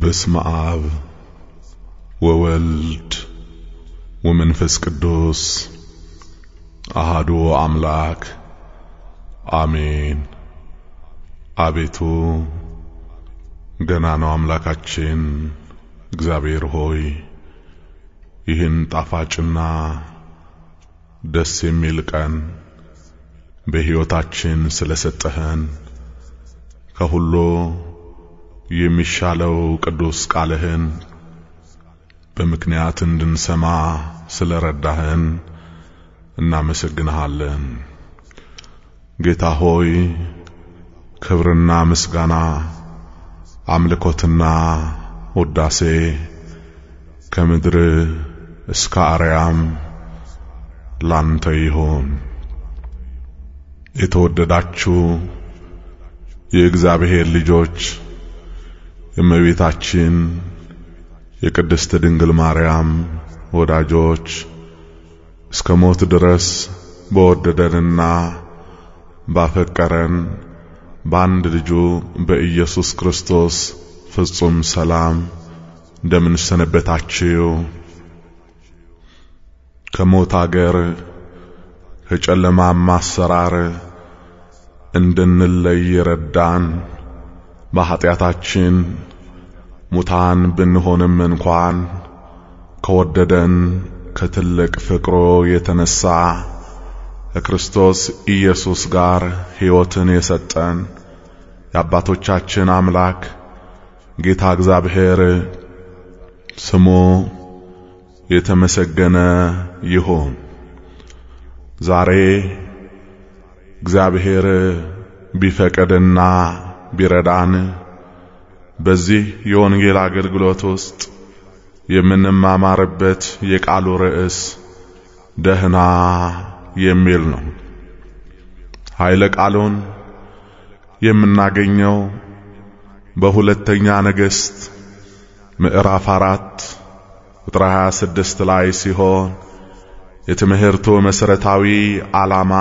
በስመ አብ ወወልድ ወመንፈስ ቅዱስ አሃዱ አምላክ አሜን። አቤቱ ገና ነው አምላካችን እግዚአብሔር ሆይ ይህን ጣፋጭና ደስ የሚል ቀን በሕይወታችን ስለሰጠህን ከሁሉ የሚሻለው ቅዱስ ቃልህን በምክንያት እንድንሰማ ስለ ረዳህን እናመሰግንሃለን። ጌታ ሆይ ክብርና ምስጋና፣ አምልኮትና ውዳሴ ከምድር እስከ አርያም ላንተ ይሁን። የተወደዳችሁ የእግዚአብሔር ልጆች የእመቤታችን የቅድስት ድንግል ማርያም ወዳጆች እስከ ሞት ድረስ በወደደንና ባፈቀረን በአንድ ልጁ በኢየሱስ ክርስቶስ ፍጹም ሰላም እንደምን ሰነበታችሁ? ከሞት አገር ከጨለማማ አሰራር እንድንለይ ረዳን። በኀጢአታችን ሙታን ብንሆንም እንኳን ከወደደን ከትልቅ ፍቅሮ የተነሳ ከክርስቶስ ኢየሱስ ጋር ሕይወትን የሰጠን የአባቶቻችን አምላክ ጌታ እግዚአብሔር ስሙ የተመሰገነ ይሁን። ዛሬ እግዚአብሔር ቢፈቅድና ቢረዳን በዚህ የወንጌል አገልግሎት ውስጥ የምንማማርበት የቃሉ ርዕስ ደህና የሚል ነው። ኃይለ ቃሉን የምናገኘው በሁለተኛ ነገሥት ምዕራፍ አራት ቁጥር 26 ላይ ሲሆን የትምህርቱ መሠረታዊ ዓላማ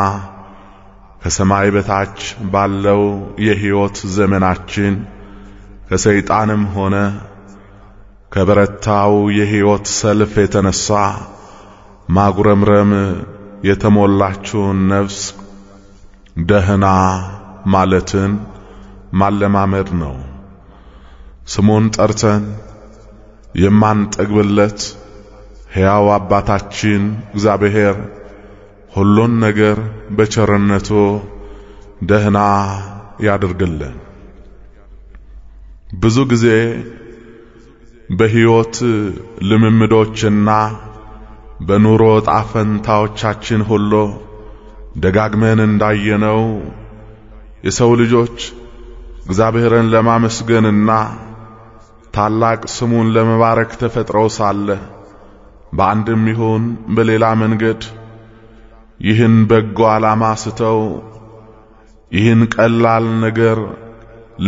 ከሰማይ በታች ባለው የሕይወት ዘመናችን ከሰይጣንም ሆነ ከበረታው የሕይወት ሰልፍ የተነሳ ማጉረምረም የተሞላችውን ነፍስ ደህና ማለትን ማለማመድ ነው። ስሙን ጠርተን የማንጠግብለት ሕያው አባታችን እግዚአብሔር ሁሉን ነገር በቸርነቱ ደህና ያደርግልን። ብዙ ጊዜ በህይወት ልምምዶችና በኑሮ ጣፈንታዎቻችን ሁሉ ደጋግመን እንዳየነው የሰው ልጆች እግዚአብሔርን ለማመስገንና ታላቅ ስሙን ለመባረክ ተፈጥረው ሳለ በአንድም ይሁን በሌላ መንገድ ይህን በጎ ዓላማ ስተው ይህን ቀላል ነገር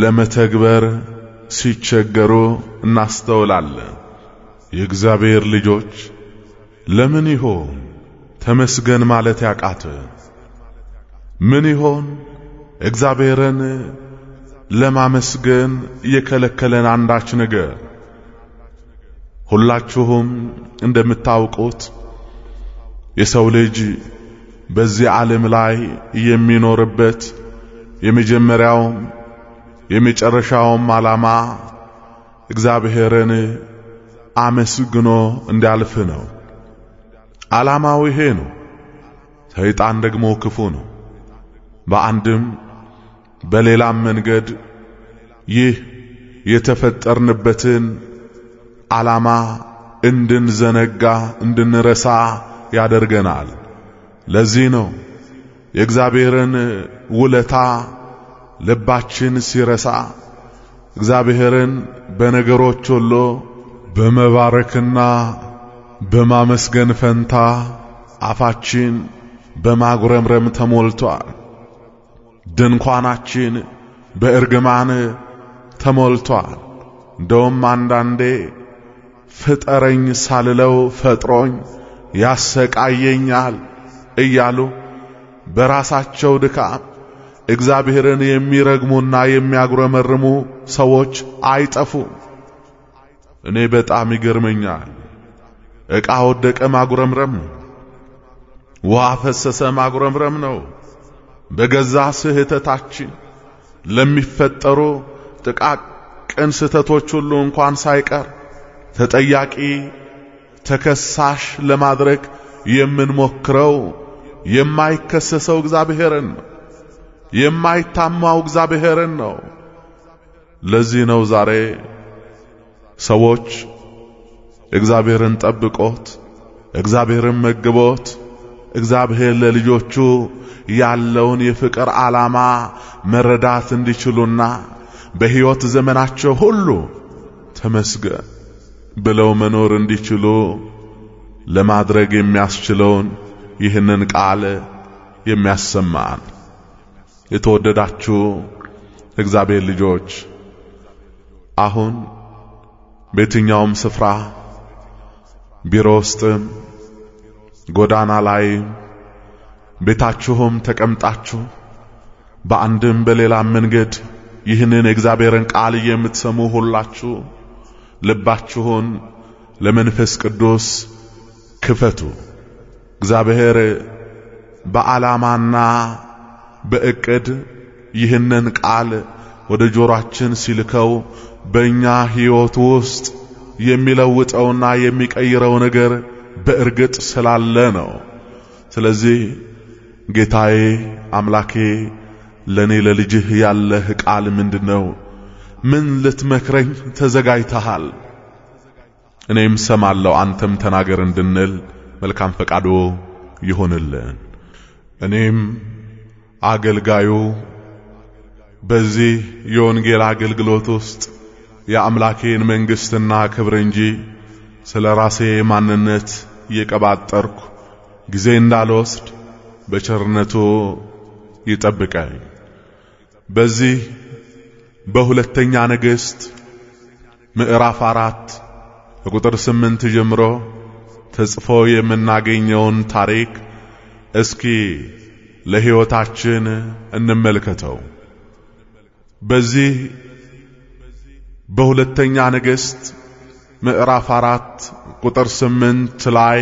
ለመተግበር ሲቸገሩ እናስተውላለን። የእግዚአብሔር ልጆች ለምን ይሆን ተመስገን ማለት ያቃተ? ምን ይሆን እግዚአብሔርን ለማመስገን የከለከለን አንዳች ነገር? ሁላችሁም እንደምታውቁት የሰው ልጅ በዚህ ዓለም ላይ የሚኖርበት የመጀመሪያውም የመጨረሻውም ዓላማ እግዚአብሔርን አመስግኖ እንዲያልፍ ነው። ዓላማው ይሄ ነው። ሰይጣን ደግሞ ክፉ ነው። በአንድም በሌላም መንገድ ይህ የተፈጠርንበትን ዓላማ እንድንዘነጋ እንድንረሳ ያደርገናል። ለዚህ ነው የእግዚአብሔርን ውለታ ልባችን ሲረሳ እግዚአብሔርን በነገሮች ሁሉ በመባረክና በማመስገን ፈንታ አፋችን በማጉረምረም ተሞልቷል። ድንኳናችን በእርግማን ተሞልቷል። እንደውም አንዳንዴ ፍጠረኝ ሳልለው ፈጥሮኝ ያሰቃየኛል እያሉ በራሳቸው ድካም እግዚአብሔርን የሚረግሙና የሚያጉረመርሙ ሰዎች አይጠፉም። እኔ በጣም ይገርመኛል። ዕቃ ወደቀ ማጉረምረም ነው። ውሃ ፈሰሰ ማጉረምረም ነው። በገዛ ስህተታችን ለሚፈጠሩ ጥቃቅን ስህተቶች ሁሉ እንኳን ሳይቀር ተጠያቂ ተከሳሽ ለማድረግ የምንሞክረው የማይከሰሰው እግዚአብሔርን ነው። የማይታማው እግዚአብሔርን ነው። ለዚህ ነው ዛሬ ሰዎች እግዚአብሔርን ጠብቆት እግዚአብሔርን መግቦት እግዚአብሔር ለልጆቹ ያለውን የፍቅር ዓላማ መረዳት እንዲችሉና በሕይወት ዘመናቸው ሁሉ ተመስገን ብለው መኖር እንዲችሉ ለማድረግ የሚያስችለውን ይህንን ቃል የሚያሰማን። የተወደዳችሁ እግዚአብሔር ልጆች አሁን በየትኛውም ስፍራ ቢሮ ውስጥም፣ ጎዳና ላይ ቤታችሁም ተቀምጣችሁ በአንድም በሌላም መንገድ ይህንን የእግዚአብሔርን ቃል የምትሰሙ ሁላችሁ ልባችሁን ለመንፈስ ቅዱስ ክፈቱ። እግዚአብሔር በዓላማና በእቅድ ይህንን ቃል ወደ ጆሮአችን ሲልከው በእኛ ሕይወት ውስጥ የሚለውጠውና የሚቀይረው ነገር በእርግጥ ስላለ ነው። ስለዚህ ጌታዬ አምላኬ ለእኔ ለልጅህ ያለህ ቃል ምንድነው? ምን ልትመክረኝ ተዘጋጅተሃል? እኔም ሰማለሁ አንተም ተናገር እንድንል መልካም ፈቃዶ ይሆንልን። እኔም አገልጋዩ በዚህ የወንጌል አገልግሎት ውስጥ የአምላኬን መንግሥትና ክብር እንጂ ስለ ራሴ ማንነት እየቀባጠርኩ ጊዜ እንዳልወስድ በቸርነቱ ይጠብቀኝ። በዚህ በሁለተኛ ነገሥት ምዕራፍ አራት ከቁጥር ስምንት ጀምሮ ተጽፎ የምናገኘውን ታሪክ እስኪ ለሕይወታችን እንመልከተው። በዚህ በሁለተኛ ነገሥት ምዕራፍ አራት ቁጥር ስምንት ላይ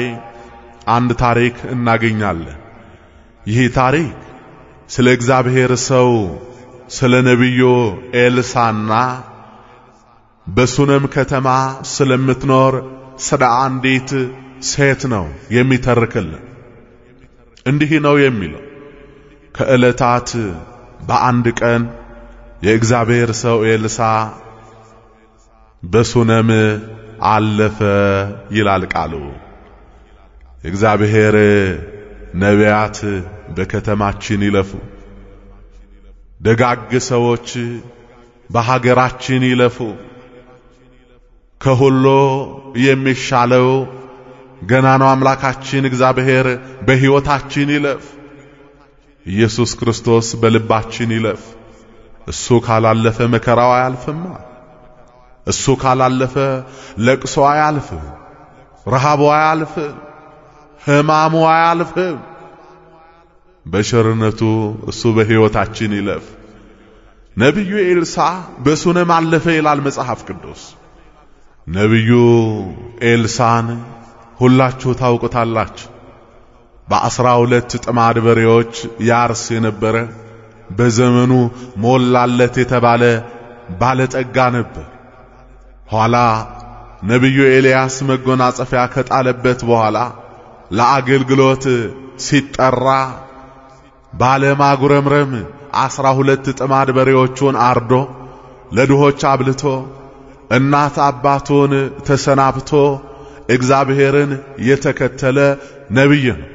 አንድ ታሪክ እናገኛለን። ይህ ታሪክ ስለ እግዚአብሔር ሰው ስለ ነቢዩ ኤልሳና በሱነም ከተማ ስለምትኖር ስለ አንዲት ሴት ነው የሚተርክልን። እንዲህ ነው የሚለው ከዕለታት በአንድ ቀን የእግዚአብሔር ሰው ኤልሳ በሱነም አለፈ ይላል ቃሉ። እግዚአብሔር ነቢያት በከተማችን ይለፉ፣ ደጋግ ሰዎች በሀገራችን ይለፉ። ከሁሉ የሚሻለው ገናናው አምላካችን እግዚአብሔር በሕይወታችን ይለፍ። ኢየሱስ ክርስቶስ በልባችን ይለፍ። እሱ ካላለፈ መከራው አያልፍማ። እሱ ካላለፈ ለቅሶ አያልፍ፣ ረሃቡ አያልፍ፣ ሕማሙ አያልፍ። በሸርነቱ እሱ በሕይወታችን ይለፍ። ነቢዩ ኤልሳ በሱነም አለፈ ይላል መጽሐፍ ቅዱስ። ነቢዩ ኤልሳን ሁላችሁ ታውቁታላችሁ። በአስራ ሁለት ጥማድ በሬዎች ያርስ የነበረ በዘመኑ ሞላለት የተባለ ባለጠጋ ነበር። ኋላ ነቢዩ ኤልያስ መጎናጸፊያ ከጣለበት በኋላ ለአገልግሎት ሲጠራ ባለማጉረምረም አስራ ሁለት ጥማድ በሬዎቹን አርዶ ለድሆች አብልቶ እናት አባቱን ተሰናብቶ እግዚአብሔርን የተከተለ ነቢይ ነው።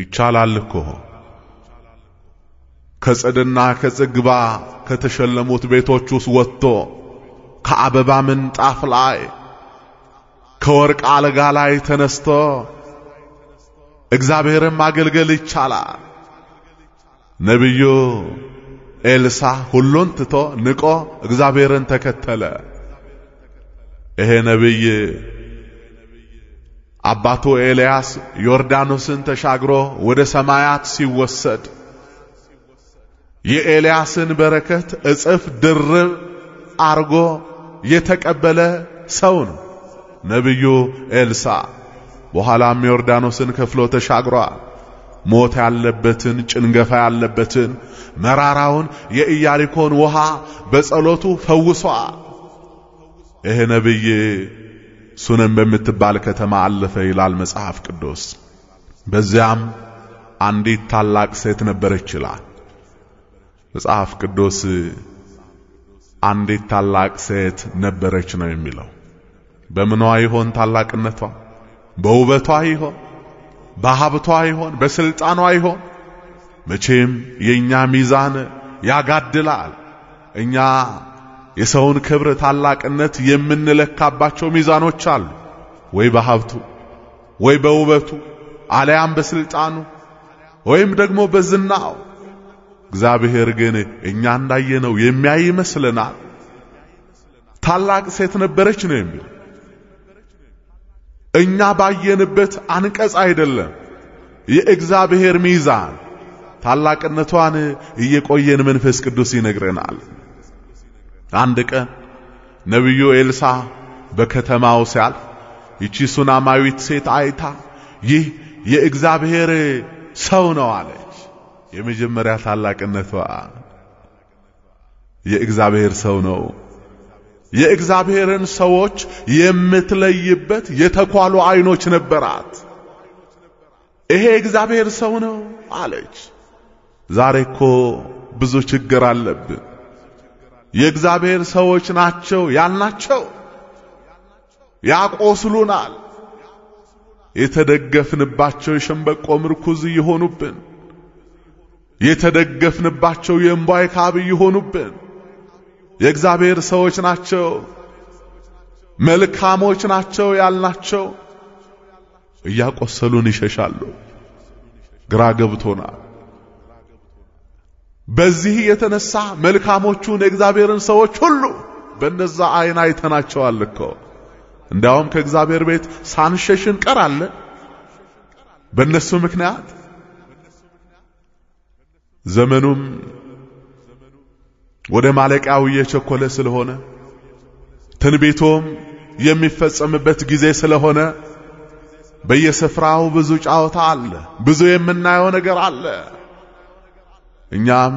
ይቻላል እኮ ከጽድና ከጽግባ ከተሸለሙት ቤቶች ውስጥ ወጥቶ ከአበባ ምንጣፍ ላይ ከወርቅ አልጋ ላይ ተነስቶ እግዚአብሔርን ማገልገል ይቻላል። ነቢዩ ኤልሳ ሁሉን ትቶ ንቆ እግዚአብሔርን ተከተለ። ይሄ ነቢይ አባቱ ኤልያስ ዮርዳኖስን ተሻግሮ ወደ ሰማያት ሲወሰድ የኤልያስን በረከት እጽፍ ድርብ አርጎ የተቀበለ ሰው ነው ነቢዩ ኤልሳ። በኋላም ዮርዳኖስን ከፍሎ ተሻግሯል። ሞት ያለበትን ጭንገፋ ያለበትን መራራውን የኢያሪኮን ውሃ በጸሎቱ ፈውሷል። ይሄ ነቢይ ሱነም በምትባል ከተማ አለፈ ይላል መጽሐፍ ቅዱስ። በዚያም አንዲት ታላቅ ሴት ነበረች ይላል መጽሐፍ ቅዱስ። አንዲት ታላቅ ሴት ነበረች ነው የሚለው። በምኗ ይሆን ታላቅነቷ? በውበቷ ይሆን? በሀብቷ ይሆን? በስልጣኗ ይሆን? መቼም የኛ ሚዛን ያጋድላል። እኛ የሰውን ክብር ታላቅነት የምንለካባቸው ሚዛኖች አሉ። ወይ በሀብቱ ወይ በውበቱ አለያም በስልጣኑ ወይም ደግሞ በዝናው። እግዚአብሔር ግን እኛ እንዳየነው የሚያይ ይመስለናል። ታላቅ ሴት ነበረች ነው የሚል እኛ ባየንበት አንቀጽ አይደለም። የእግዚአብሔር ሚዛን ታላቅነቷን እየቆየን መንፈስ ቅዱስ ይነግረናል። አንድ ቀን ነቢዩ ኤልሳ በከተማው ሲያልፍ ይቺ ሱናማዊት ሴት አይታ ይህ የእግዚአብሔር ሰው ነው አለች። የመጀመሪያ ታላቅነቷ የእግዚአብሔር ሰው ነው። የእግዚአብሔርን ሰዎች የምትለይበት የተኳሉ አይኖች ነበራት። ይሄ እግዚአብሔር ሰው ነው አለች። ዛሬ እኮ ብዙ ችግር አለብን። የእግዚአብሔር ሰዎች ናቸው ያልናቸው ያቆስሉናል። የተደገፍንባቸው የሸንበቆ ምርኩዝ እየሆኑብን፣ የተደገፍንባቸው የእምቧይ ካብ እየሆኑብን የእግዚአብሔር ሰዎች ናቸው መልካሞች ናቸው ያልናቸው እያቆሰሉን ይሸሻሉ። ግራ ገብቶናል። በዚህ የተነሳ መልካሞቹን የእግዚአብሔርን ሰዎች ሁሉ በነዛ አይን አይተናቸዋል እኮ። እንዲያውም ከእግዚአብሔር ቤት ሳንሸሽ እንቀራለን በእነሱ ምክንያት። ዘመኑም ወደ ማለቂያው እየቸኮለ ስለሆነ ትንቢቶም የሚፈጸምበት ጊዜ ስለሆነ በየስፍራው ብዙ ጫወታ አለ፣ ብዙ የምናየው ነገር አለ። እኛም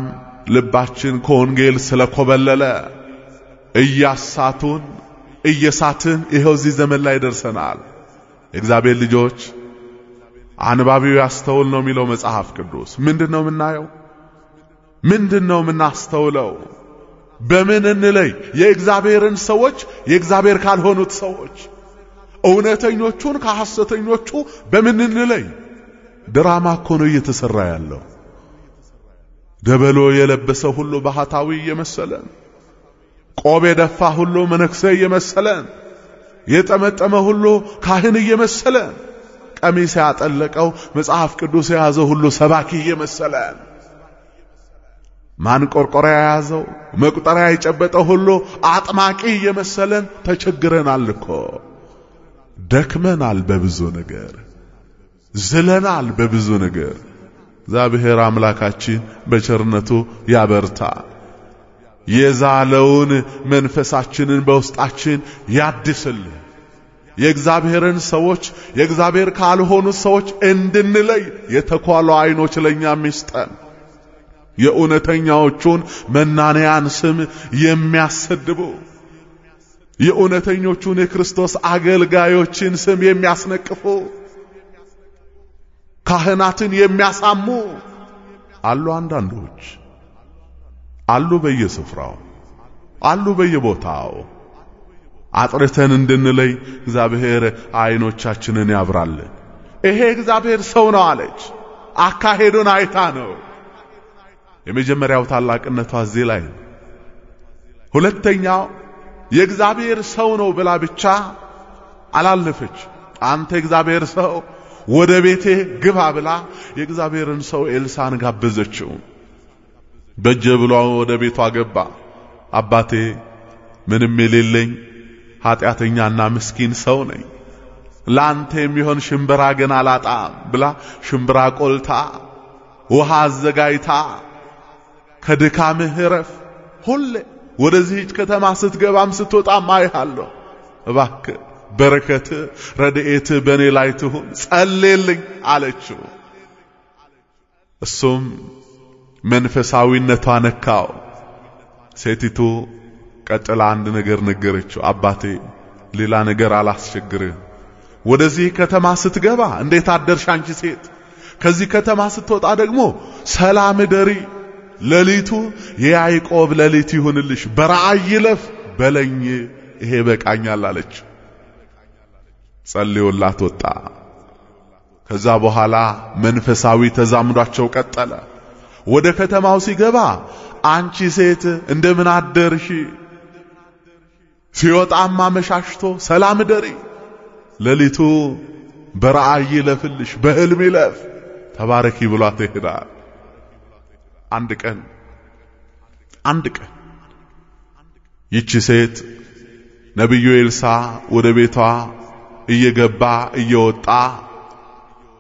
ልባችን ከወንጌል ስለኮበለለ እያሳቱን እየሳትን ይኸው እዚህ ዘመን ላይ ደርሰናል። እግዚአብሔር ልጆች አንባቢው ያስተውል ነው የሚለው መጽሐፍ ቅዱስ። ምንድነው የምናየው? ምንድነው የምናስተውለው? በምን እንለይ? የእግዚአብሔርን ሰዎች የእግዚአብሔር ካልሆኑት ሰዎች እውነተኞቹን ከሐሰተኞቹ በምን እንለይ? ድራማ እኮ ነው እየተሰራ ያለው። ደበሎ የለበሰ ሁሉ ባህታዊ እየመሰለን፣ ቆብ የደፋ ሁሉ መነኩሴ እየመሰለን፣ የጠመጠመ ሁሉ ካህን እየመሰለን፣ ቀሚስ ያጠለቀው መጽሐፍ ቅዱስ የያዘ ሁሉ ሰባኪ እየመሰለን፣ ማንቆርቆሪያ የያዘው መቁጠሪያ የጨበጠ ሁሉ አጥማቂ እየመሰለን ተቸግረናል እኮ ደክመናል፣ በብዙ ነገር ዝለናል፣ በብዙ ነገር እግዚአብሔር አምላካችን በቸርነቱ ያበርታ። የዛለውን መንፈሳችንን በውስጣችን ያድስልን። የእግዚአብሔርን ሰዎች የእግዚአብሔር ካልሆኑ ሰዎች እንድንለይ የተኳሉ አይኖች ለኛ ሚስጠን። የእውነተኛዎቹን መናንያን ስም የሚያሰድቡ የእውነተኞቹን የክርስቶስ አገልጋዮችን ስም የሚያስነቅፉ ካህናትን የሚያሳሙ አሉ። አንዳንዶች አሉ፣ በየስፍራው አሉ፣ በየቦታው አጥርተን እንድንለይ እግዚአብሔር አይኖቻችንን ያብራል። ይሄ እግዚአብሔር ሰው ነው አለች። አካሄዱን አይታ ነው። የመጀመሪያው ታላቅነቷ እዚህ ላይ ነው። ሁለተኛው የእግዚአብሔር ሰው ነው ብላ ብቻ አላለፈች። አንተ እግዚአብሔር ሰው ወደ ቤቴ ግባ ብላ የእግዚአብሔርን ሰው ኤልሳን ጋበዘችው። በጀ ብሏ ወደ ቤቷ ገባ። አባቴ ምንም የሌለኝ ኃጢአተኛና ምስኪን ሰው ነኝ፣ ላንተ የሚሆን ሽምብራ ግን አላጣም ብላ ሽምብራ ቆልታ ውሃ አዘጋጅታ ከድካምህ እረፍ ሁሌ ወደዚህች ከተማ ስትገባም ስትወጣም አይሃለሁ እባክህ በረከት ረድኤት በእኔ ላይ ትሁን ጸልልኝ አለችው። እሱም መንፈሳዊነቷ ነካው። ሴቲቱ ቀጥላ አንድ ነገር ነገረችው። አባቴ ሌላ ነገር አላስቸግር ወደዚህ ከተማ ስትገባ እንዴት አደርሽ አንቺ ሴት፣ ከዚህ ከተማ ስትወጣ ደግሞ ሰላም ደሪ፣ ሌሊቱ የያዕቆብ ሌሊት ይሁንልሽ፣ በራእይ ይለፍ በለኝ፣ ይሄ በቃኛል አለችው። ጸልዮላት ወጣ። ከዛ በኋላ መንፈሳዊ ተዛምዷቸው ቀጠለ። ወደ ከተማው ሲገባ አንቺ ሴት እንደምን አደርሽ፣ ሲወጣም አመሻሽቶ ሰላም ደሪ፣ ሌሊቱ በራእይ ይለፍልሽ፣ በህልም ይለፍ፣ ተባረኪ ብሏት ይሄዳል። አንድ ቀን አንድ ቀን ይቺ ሴት ነቢዩ ኤልሳ ወደ ቤቷ እየገባ እየወጣ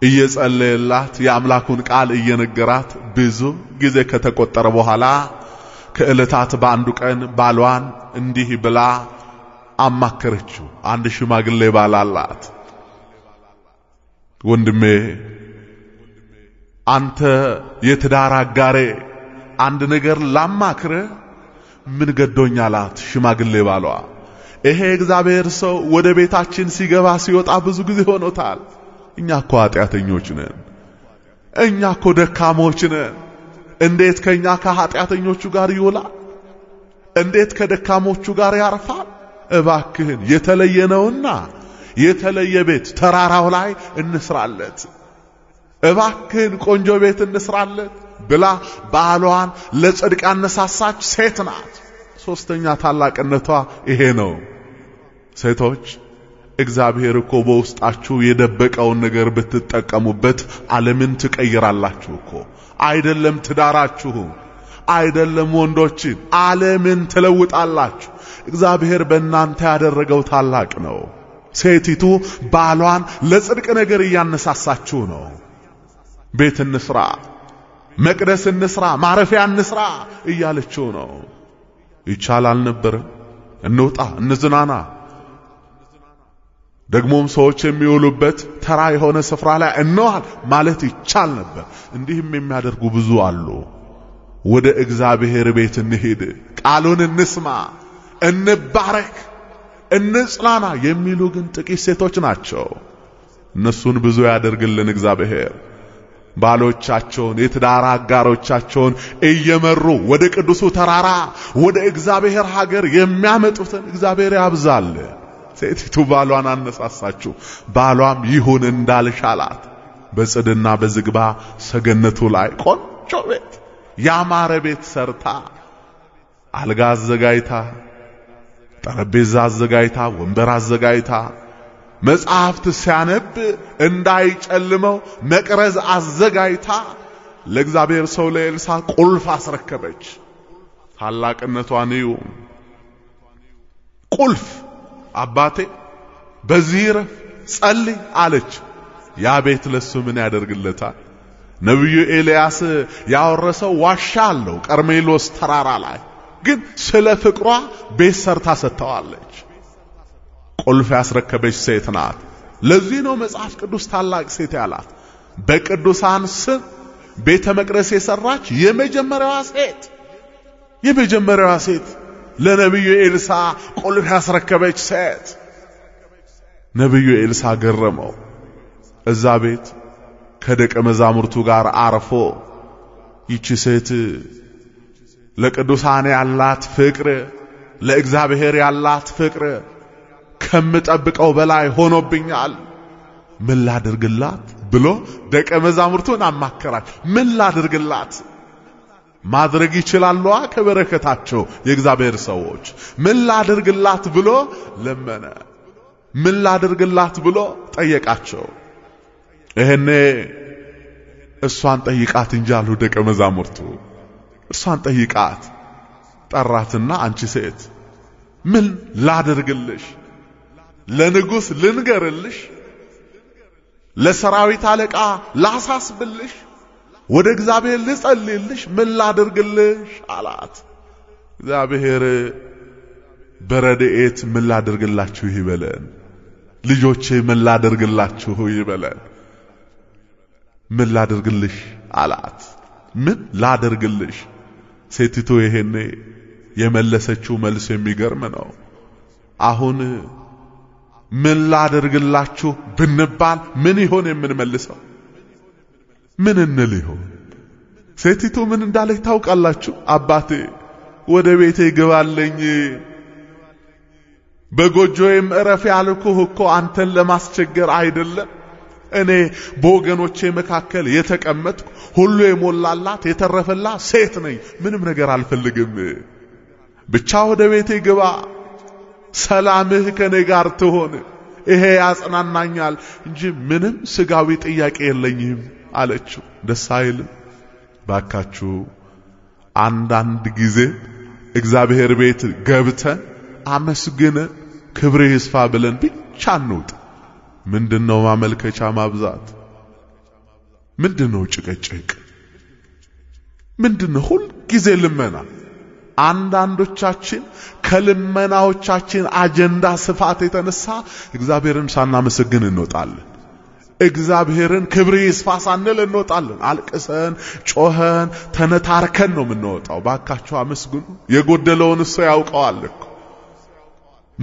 እየጸለየላት የአምላኩን ቃል እየነገራት ብዙ ጊዜ ከተቆጠረ በኋላ ከዕለታት በአንዱ ቀን ባሏን እንዲህ ብላ አማከረችው። አንድ ሽማግሌ ባላላት፣ ወንድሜ አንተ የትዳር አጋሬ አንድ ነገር ላማክረ ምን ገዶኛላት? ሽማግሌ ባሏ ይሄ እግዚአብሔር ሰው ወደ ቤታችን ሲገባ ሲወጣ ብዙ ጊዜ ሆኖታል። እኛ እኮ ኃጢአተኞች ነን። እኛ እኮ ደካሞች ነን። እንዴት ከኛ ከኃጢአተኞቹ ጋር ይውላል? እንዴት ከደካሞቹ ጋር ያርፋል? እባክህን የተለየ ነውና የተለየ ቤት ተራራው ላይ እንስራለት። እባክህን ቆንጆ ቤት እንስራለት ብላ ባሏን ለጽድቅ አነሳሳች ሴት ናት። ሶስተኛ ታላቅነቷ ይሄ ነው። ሴቶች እግዚአብሔር እኮ በውስጣችሁ የደበቀውን ነገር ብትጠቀሙበት ዓለምን ትቀይራላችሁ እኮ። አይደለም ትዳራችሁ፣ አይደለም ወንዶችን፣ ዓለምን ትለውጣላችሁ። እግዚአብሔር በእናንተ ያደረገው ታላቅ ነው። ሴቲቱ ባሏን ለጽድቅ ነገር እያነሳሳችሁ ነው። ቤት እንስራ፣ መቅደስ እንስራ፣ ማረፊያ እንስራ እያለችው ነው። ይቻል አልነበረ? እንውጣ፣ እንዝናና። ደግሞም ሰዎች የሚውሉበት ተራ የሆነ ስፍራ ላይ እንዋል ማለት ይቻል ነበር። እንዲህም የሚያደርጉ ብዙ አሉ። ወደ እግዚአብሔር ቤት እንሄድ ቃሉን እንስማ፣ እንባረክ፣ እንጽናና የሚሉ ግን ጥቂት ሴቶች ናቸው። እነሱን ብዙ ያደርግልን እግዚአብሔር። ባሎቻቸውን የትዳር አጋሮቻቸውን እየመሩ ወደ ቅዱሱ ተራራ ወደ እግዚአብሔር ሀገር የሚያመጡትን እግዚአብሔር ያብዛል። ሴቲቱ ባሏን አነሳሳችሁ፣ ባሏም ይሁን እንዳልሻላት በጽድና በዝግባ ሰገነቱ ላይ ቆንጆ ቤት ያማረ ቤት ሰርታ አልጋ አዘጋጅታ ጠረጴዛ አዘጋጅታ ወንበር አዘጋጅታ መጽሐፍት ሲያነብ እንዳይጨልመው መቅረዝ አዘጋጅታ ለእግዚአብሔር ሰው ለኤልሳ ቁልፍ አስረከበች። ታላቅነቷን እዩ። ቁልፍ አባቴ በዚህ ረፍ ጸልይ አለች። ያ ቤት ለሱ ምን ያደርግለታል? ነቢዩ ኤልያስ ያወረሰው ዋሻ አለው ቀርሜሎስ ተራራ ላይ ግን ስለ ፍቅሯ ቤት ሰርታ ሰጥተዋለች። ቁልፍ ያስረከበች ሴት ናት። ለዚህ ነው መጽሐፍ ቅዱስ ታላቅ ሴት ያላት። በቅዱሳን ስም ቤተ መቅደስ የሰራች የመጀመሪያዋ ሴት የመጀመሪያዋ ሴት ለነቢዩ ኤልሳ ቁልፍ ያስረከበች ሴት። ነቢዩ ኤልሳ ገረመው። እዛ ቤት ከደቀ መዛሙርቱ ጋር አርፎ ይቺ ሴት ለቅዱሳን ያላት ፍቅር፣ ለእግዚአብሔር ያላት ፍቅር ከምጠብቀው በላይ ሆኖብኛል፣ ምን ላድርግላት ብሎ ደቀ መዛሙርቱን አማከራል። ምን ላድርግላት? ማድረግ ይችላሉ ከበረከታቸው የእግዚአብሔር ሰዎች። ምን ላድርግላት ብሎ ለመነ። ምን ላድርግላት ብሎ ጠየቃቸው። ይሄኔ እሷን ጠይቃት እንጂ አሉ ደቀ መዛሙርቱ። እሷን ጠይቃት ጠራትና፣ አንቺ ሴት ምን ላድርግልሽ ለንጉስ ልንገርልሽ፣ ለሰራዊት አለቃ ላሳስብልሽ፣ ወደ እግዚአብሔር ልጸልይልሽ፣ ምን ላድርግልሽ አላት። እግዚአብሔር በረድኤት ምን ላድርግላችሁ ይበለን። ልጆቼ ምን ላድርግላችሁ ይበለን። ምን ላድርግልሽ አላት። ምን ላድርግልሽ? ሴቲቱ ይሄኔ የመለሰችው መልስ የሚገርም ነው። አሁን ምን ላደርግላችሁ ብንባል ምን ይሆን የምንመልሰው? ምን እንል ይሆን? ሴቲቱ ምን እንዳለች ታውቃላችሁ? አባቴ ወደ ቤቴ ግባለኝ፣ በጎጆዬም እረፍ ያልኩህ እኮ አንተን ለማስቸገር አይደለም። እኔ በወገኖቼ መካከል የተቀመጥኩ ሁሉ የሞላላት የተረፈላት ሴት ነኝ። ምንም ነገር አልፈልግም፣ ብቻ ወደ ቤቴ ግባ ሰላምህ ከኔ ጋር ትሆን። ይሄ ያጽናናኛል እንጂ ምንም ስጋዊ ጥያቄ የለኝም አለችው። ደስ አይልም? ባካችሁ አንዳንድ ጊዜ እግዚአብሔር ቤት ገብተን አመስግነ ክብር ይስፋ ብለን ብቻ እንውጥ። ምንድነው ማመልከቻ ማብዛት? ምንድነው ጭቅጭቅ? ምንድነው ሁል ጊዜ ልመና? አንዳንዶቻችን ከልመናዎቻችን አጀንዳ ስፋት የተነሳ እግዚአብሔርን ሳናመሰግን እንወጣለን። እግዚአብሔርን ክብር ይስፋ ሳንል እንወጣለን። አልቅሰን፣ ጮኸን፣ ተነታርከን ነው የምንወጣው። ባካቸው አመስግኑ። የጎደለውን እሱ ያውቀዋል እኮ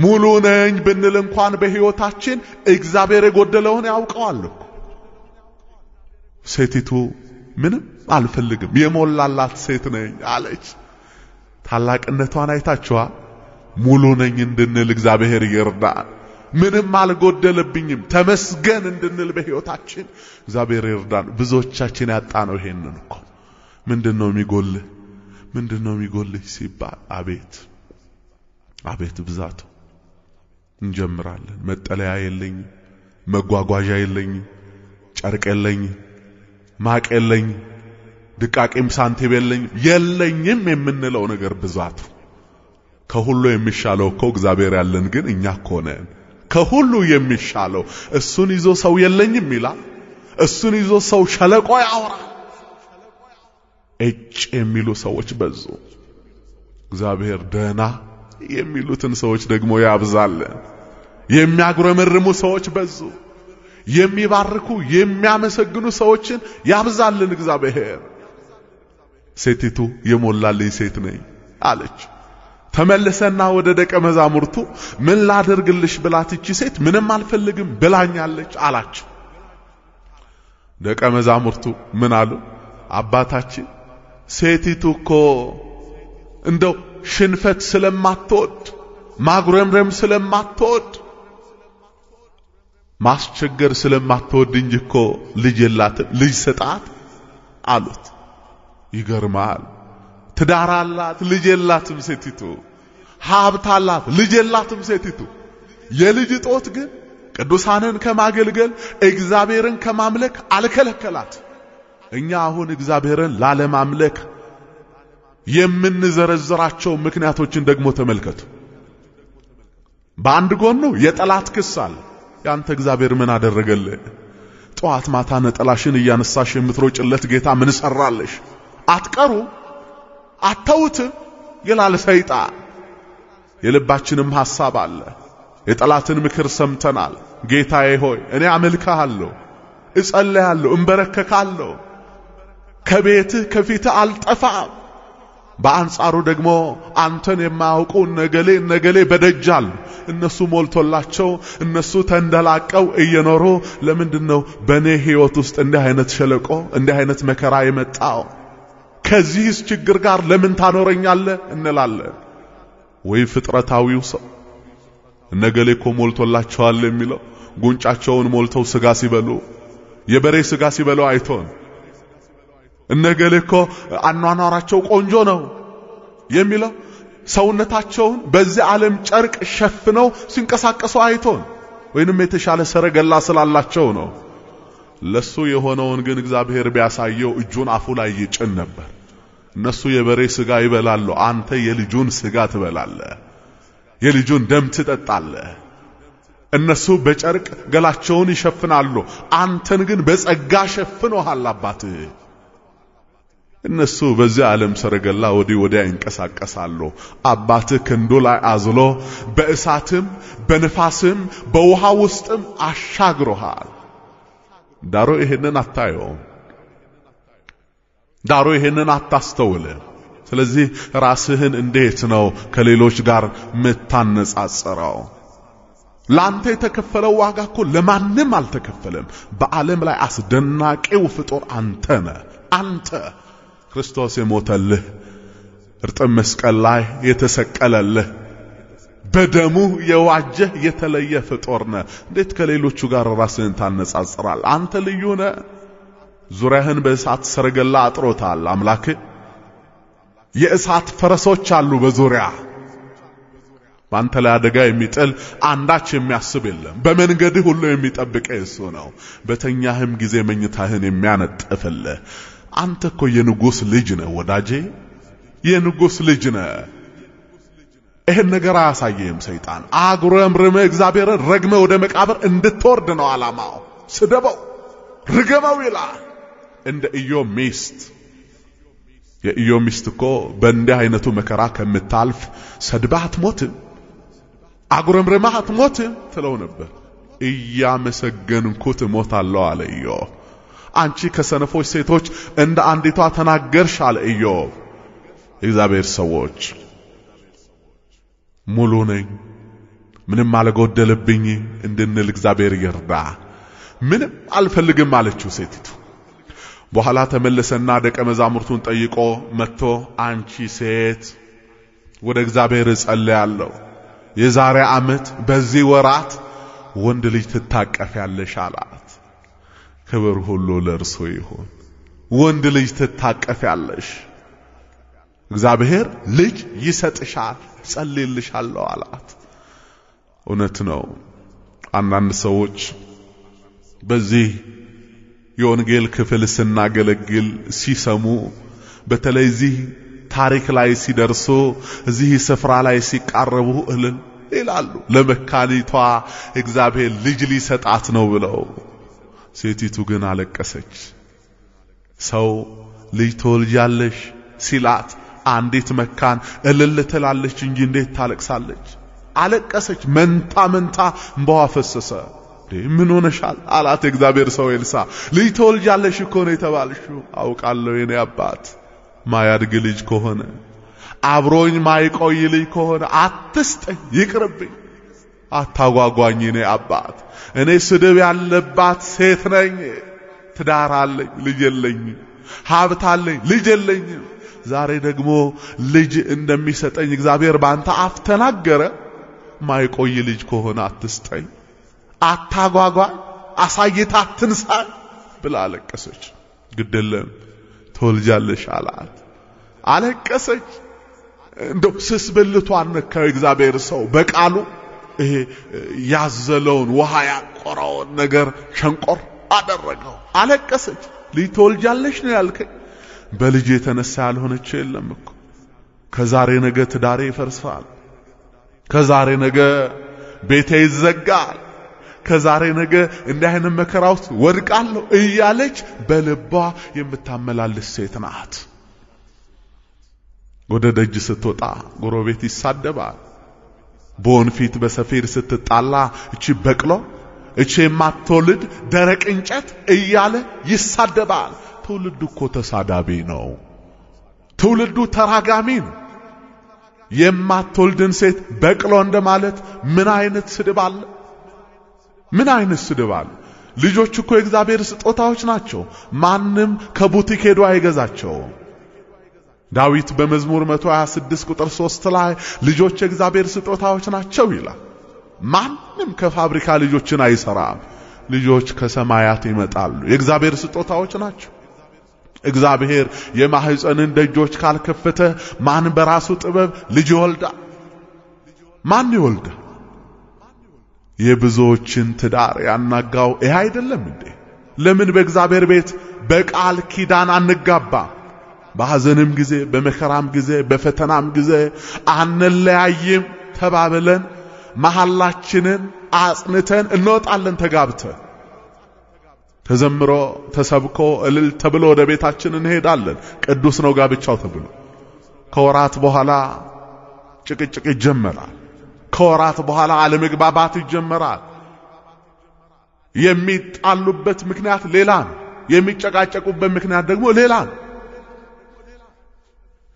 ሙሉ ነኝ ብንል እንኳን በሕይወታችን እግዚአብሔር የጎደለውን ያውቀዋል እኮ። ሴቲቱ ምንም አልፈልግም የሞላላት ሴት ነኝ አለች። ታላቅነቷን አይታችኋ ሙሉ ነኝ እንድንል እግዚአብሔር ይርዳን። ምንም አልጎደለብኝም ተመስገን እንድንል በሕይወታችን እግዚአብሔር ይርዳን። ብዙዎቻችን ያጣ ነው ይሄንን እኮ ምንድነው ነው የሚጎልህ ምንድን የሚጎልህ ሲባል አቤት አቤት ብዛቱ እንጀምራለን። መጠለያ የለኝም፣ መጓጓዣ የለኝም፣ ጨርቅ የለኝም፣ ማቅ የለኝም ድቃቄም ሳንቲም የለኝም የለኝም የምንለው ነገር ብዛቱ ከሁሉ የሚሻለው እኮ እግዚአብሔር ያለን ግን እኛ እኮ ነን። ከሁሉ የሚሻለው እሱን ይዞ ሰው የለኝም ይላል። እሱን ይዞ ሰው ሸለቆ ያወራል። እጭ የሚሉ ሰዎች በዙ። እግዚአብሔር ደህና የሚሉትን ሰዎች ደግሞ ያብዛልን። የሚያጉረመርሙ ሰዎች በዙ። የሚባርኩ የሚያመሰግኑ ሰዎችን ያብዛልን እግዚአብሔር። ሴቲቱ የሞላልኝ ሴት ነኝ አለች። ተመልሰና ወደ ደቀ መዛሙርቱ ምን ላደርግልሽ ብላት እቺ ሴት ምንም አልፈልግም ብላኛለች አላቸው። ደቀ መዛሙርቱ ምን አሉ? አባታችን ሴቲቱ እኮ እንደው ሽንፈት ስለማትወድ ማጉረምረም ስለማትወድ ማስቸገር ስለማትወድ እንጂ እኮ ልጅ የላትም ልጅ ስጣት አሉት። ይገርማል። ትዳር አላት፣ ልጅ የላትም ሴቲቱ። ሀብት አላት፣ ልጅ የላትም ሴቲቱ። የልጅ ጦት ግን ቅዱሳንን ከማገልገል እግዚአብሔርን ከማምለክ አልከለከላት። እኛ አሁን እግዚአብሔርን ላለማምለክ የምንዘረዝራቸው ምክንያቶችን ደግሞ ተመልከቱ። በአንድ ጎኑ የጠላት ክስ አለ። ያንተ እግዚአብሔር ምን አደረገልህ? ጠዋት ማታ ነጠላሽን እያነሳሽ የምትሮጭለት ጌታ ምን ሰራለሽ? አትቀሩም፣ አተውትም ይላል ሰይጣን። የልባችንም ሐሳብ አለ። የጠላትን ምክር ሰምተናል። ጌታዬ ሆይ እኔ አመልክሃለሁ፣ እጸልያለሁ፣ እንበረከካለሁ፣ ከቤትህ ከፊትህ አልጠፋም። በአንጻሩ ደግሞ አንተን የማያውቁ ነገሌ ነገሌ በደጃል እነሱ ሞልቶላቸው እነሱ ተንደላቀው እየኖሩ ለምንድነው በኔ ሕይወት ውስጥ እንዲህ አይነት ሸለቆ እንዲህ አይነት መከራ የመጣው? ከዚህስ ችግር ጋር ለምን ታኖረኛለህ እንላለን። ወይ ፍጥረታዊው ሰው እነገሌ እኮ ሞልቶላቸዋል የሚለው ጉንጫቸውን ሞልተው ስጋ ሲበሉ የበሬ ስጋ ሲበሉ አይቶን እነገሌ እኮ አኗኗራቸው ቆንጆ ነው የሚለው ሰውነታቸውን በዚህ ዓለም ጨርቅ ሸፍነው ሲንቀሳቀሱ አይቶን ወይንም የተሻለ ሰረገላ ስላላቸው ነው። ለሱ የሆነውን ግን እግዚአብሔር ቢያሳየው እጁን አፉ ላይ ይጭን ነበር። እነሱ የበሬ ስጋ ይበላሉ፣ አንተ የልጁን ስጋ ትበላለህ፣ የልጁን ደም ትጠጣለህ። እነሱ በጨርቅ ገላቸውን ይሸፍናሉ፣ አንተን ግን በጸጋ ሸፍኖሃል አባትህ። እነሱ በዚያ ዓለም ሰረገላ ወዲህ ወዲያ ይንቀሳቀሳሉ። አባትህ ክንዱ ላይ አዝሎ በእሳትም በንፋስም በውሃ ውስጥም አሻግሮሃል። ዳሮ ይህንን አታየውም። ዳሩ ይህንን አታስተውል። ስለዚህ ራስህን እንዴት ነው ከሌሎች ጋር ምታነጻጽረው? ለአንተ የተከፈለው ዋጋ እኮ ለማንም አልተከፈለም። በዓለም ላይ አስደናቂው ፍጡር አንተ ነ አንተ ክርስቶስ የሞተልህ እርጥብ መስቀል ላይ የተሰቀለልህ በደሙ የዋጀህ የተለየ ፍጡር ነ እንዴት ከሌሎቹ ጋር ራስህን ታነጻጽራል? አንተ ልዩ ነህ። ዙሪያህን በእሳት ሰረገላ አጥሮታል አምላክ። የእሳት ፈረሶች አሉ በዙሪያ በአንተ ላይ አደጋ የሚጥል አንዳች የሚያስብ የለም። በመንገድህ ሁሉ የሚጠብቀ እሱ ነው። በተኛህም ጊዜ መኝታህን የሚያነጥፍልህ አንተ እኮ የንጉሥ ልጅ ነህ ወዳጄ፣ የንጉሥ ልጅ ነህ። ይህን ነገር አያሳየህም ሰይጣን። አጉረምርመህ እግዚአብሔርን ረግመ ወደ መቃብር እንድትወርድ ነው ዓላማው። ስደበው፣ ርገመው ይላል። እንደ ኢዮብ ሚስት የኢዮብ ሚስት እኮ በእንዲህ አይነቱ መከራ ከምታልፍ ሰድባት አትሞትም፣ አጉረምርማህ አትሞትም ትለው ነበር። እያመሰገንኩት ሞት አለ ኢዮብ። አንቺ ከሰነፎች ሴቶች እንደ አንዲቷ ተናገርሽ አለ ኢዮብ። እግዚአብሔር ሰዎች ሙሉ ነኝ፣ ምንም አልጎደለብኝ እንድንል እግዚአብሔር ይርዳ። ምንም አልፈልግም አለችው ሴቲቱ። በኋላ ተመለሰና ደቀ መዛሙርቱን ጠይቆ መጥቶ አንቺ ሴት ወደ እግዚአብሔር እጸልያለሁ፣ የዛሬ ዓመት በዚህ ወራት ወንድ ልጅ ትታቀፊያለሽ አላት። ክብር ሁሉ ለእርሱ ይሁን። ወንድ ልጅ ትታቀፊያለሽ፣ እግዚአብሔር ልጅ ይሰጥሻል፣ ጸልይልሻለሁ አላት። እውነት ነው። አንዳንድ ሰዎች በዚህ የወንጌል ክፍል ስናገለግል ሲሰሙ በተለይ እዚህ ታሪክ ላይ ሲደርሱ እዚህ ስፍራ ላይ ሲቃረቡ እልል ይላሉ። ለመካኒቷ እግዚአብሔር ልጅ ሊሰጣት ነው ብለው፣ ሴቲቱ ግን አለቀሰች። ሰው ልጅ ትወልጃለሽ ሲላት አንዲት መካን እልል ትላለች እንጂ እንዴት ታለቅሳለች? አለቀሰች። መንታ መንታ እንባዋ ፈሰሰ። ምን ሆነሻል አላት እግዚአብሔር ሰው ኤልሳ። ልጅ ተወልጃለሽ እኮ ነው የተባልሽው። አውቃለሁ የኔ አባት ማያድግ ልጅ ከሆነ አብሮኝ ማይቆይ ልጅ ከሆነ አትስጠኝ፣ ይቅርብኝ፣ አታጓጓኝ የኔ አባት። እኔ ስድብ ያለባት ሴት ነኝ። ትዳር አለኝ፣ ልጅ የለኝም። ሀብት አለኝ፣ ልጅ የለኝም። ዛሬ ደግሞ ልጅ እንደሚሰጠኝ እግዚአብሔር ባንተ አፍ ተናገረ። ማይቆይ ልጅ ከሆነ አትስጠኝ። አታጓጓ፣ አሳይታ አትንሳ ብላ አለቀሰች። ግደለም ትወልጃለሽ አላት። አለቀሰች። እንደው ስስ ብልቷን ነካው እግዚአብሔር ሰው በቃሉ ይሄ ያዘለውን ውሃ ያቆራውን ነገር ሸንቆር አደረገው። አለቀሰች። ልጅ ትወልጃለሽ ነው ያልከኝ? በልጅ የተነሳ ያልሆነች የለም እኮ። ከዛሬ ነገ ትዳሬ ይፈርሳል፣ ከዛሬ ነገ ቤቴ ይዘጋል፣ ከዛሬ ነገ እንዲህ አይነት መከራ ውስጥ ወድቃለሁ እያለች በልቧ የምታመላልስ ሴት ናት። ወደ ደጅ ስትወጣ ጎረቤት ይሳደባል። በወንፊት በሰፌድ ስትጣላ እቺ በቅሎ እቺ የማትወልድ ደረቅ እንጨት እያለ ይሳደባል። ትውልዱ እኮ ተሳዳቢ ነው። ትውልዱ ተራጋሚ ነው። የማትወልድን ሴት በቅሎ እንደማለት ምን አይነት ስድብ አለ? ምን አይነት ስድብ አለ? ልጆች እኮ የእግዚአብሔር ስጦታዎች ናቸው። ማንም ከቡቲክ ሄዶ አይገዛቸው። ዳዊት በመዝሙር 126 ቁጥር 3 ላይ ልጆች የእግዚአብሔር ስጦታዎች ናቸው ይላል። ማንም ከፋብሪካ ልጆችን አይሰራም። ልጆች ከሰማያት ይመጣሉ። የእግዚአብሔር ስጦታዎች ናቸው። እግዚአብሔር የማህፀንን ደጆች ካልከፈተ ማን በራሱ ጥበብ ልጅ ይወልዳል? ማን ይወልዳል? የብዙዎችን ትዳር ያናጋው ይህ አይደለም እንዴ? ለምን በእግዚአብሔር ቤት በቃል ኪዳን አንጋባ? በሐዘንም ጊዜ በመከራም ጊዜ በፈተናም ጊዜ አንለያይም ተባብለን መሐላችንን አጽንተን እንወጣለን ተጋብተን ተዘምሮ ተሰብኮ እልል ተብሎ ወደ ቤታችን እንሄዳለን። ቅዱስ ነው ጋብቻው ተብሎ ከወራት በኋላ ጭቅጭቅ ይጀመራል። ከወራት በኋላ አለመግባባት ይጀመራል። የሚጣሉበት ምክንያት ሌላ ነው። የሚጨቃጨቁበት ምክንያት ደግሞ ሌላ ነው።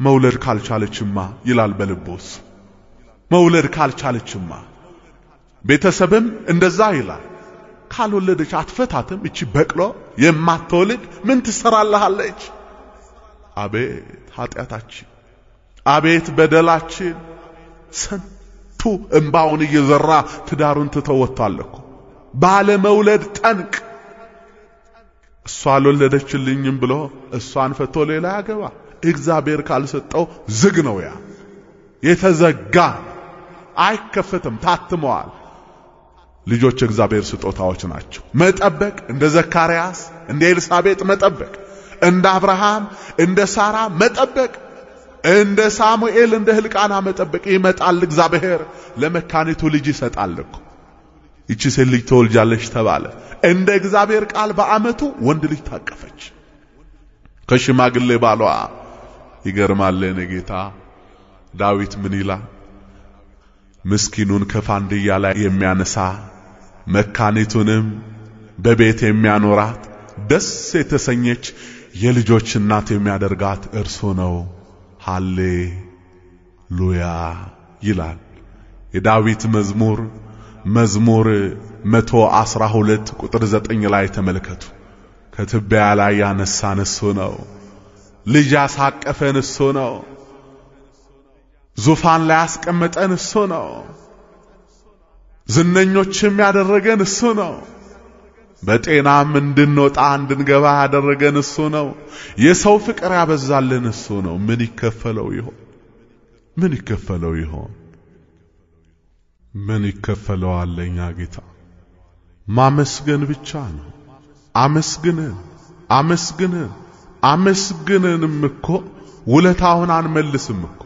መውለድ ካልቻለችማ ይላል በልቦስ። መውለድ ካልቻለችማ ቤተሰብም እንደዛ ይላል። ካልወለደች አትፈታትም። እቺ በቅሎ የማትወልድ ምን ትሰራልሃለች? አቤት ኃጢአታችን፣ አቤት በደላችን ሰን እምባውን እየዘራ ትዳሩን ትተወቷል እኮ ባለመውለድ ጠንቅ። እሷ አልወለደችልኝም ብሎ እሷን ፈቶ ሌላ ያገባ እግዚአብሔር ካልሰጠው ዝግ ነው። ያ የተዘጋ አይከፈትም፣ ታትመዋል። ልጆች እግዚአብሔር ስጦታዎች ናቸው። መጠበቅ እንደ ዘካርያስ እንደ ኤልሳቤጥ መጠበቅ፣ እንደ አብርሃም እንደ ሳራ መጠበቅ እንደ ሳሙኤል እንደ ሕልቃና መጠበቅ ይመጣል እግዚአብሔር ለመካኒቱ ልጅ ይሰጣል እኮ ይቺ ሴት ልጅ ትወልጃለች ተባለ። እንደ እግዚአብሔር ቃል በዓመቱ ወንድ ልጅ ታቀፈች ከሽማግሌ ባሏ። ይገርማል የኔ ጌታ ዳዊት ምን ይላል? ምስኪኑን ከፋንድያ ላይ የሚያነሳ መካኒቱንም በቤት የሚያኖራት ደስ የተሰኘች የልጆች እናት የሚያደርጋት እርሱ ነው። ሃሌሉያ ይላል። የዳዊት መዝሙር መዝሙር 112 ቁጥር 9 ላይ ተመልከቱ። ከትቢያ ላይ ያነሳን እሱ ነው። ልጅ ያሳቀፈን እሱ ነው። ዙፋን ላይ ያስቀመጠን እሱ ነው። ዝነኞችም ያደረገን እሱ ነው። በጤናም እንድንወጣ እንድንገባ ያደረገን እሱ ነው። የሰው ፍቅር ያበዛልን እሱ ነው። ምን ይከፈለው ይሆን? ምን ይከፈለው ይሆን? ምን ይከፈለዋል? ለእኛ ጌታ ማመስገን ብቻ ነው። አመስግንን፣ አመስግንን፣ አመስግንንም እኮ ውለታውን አንመልስም እኮ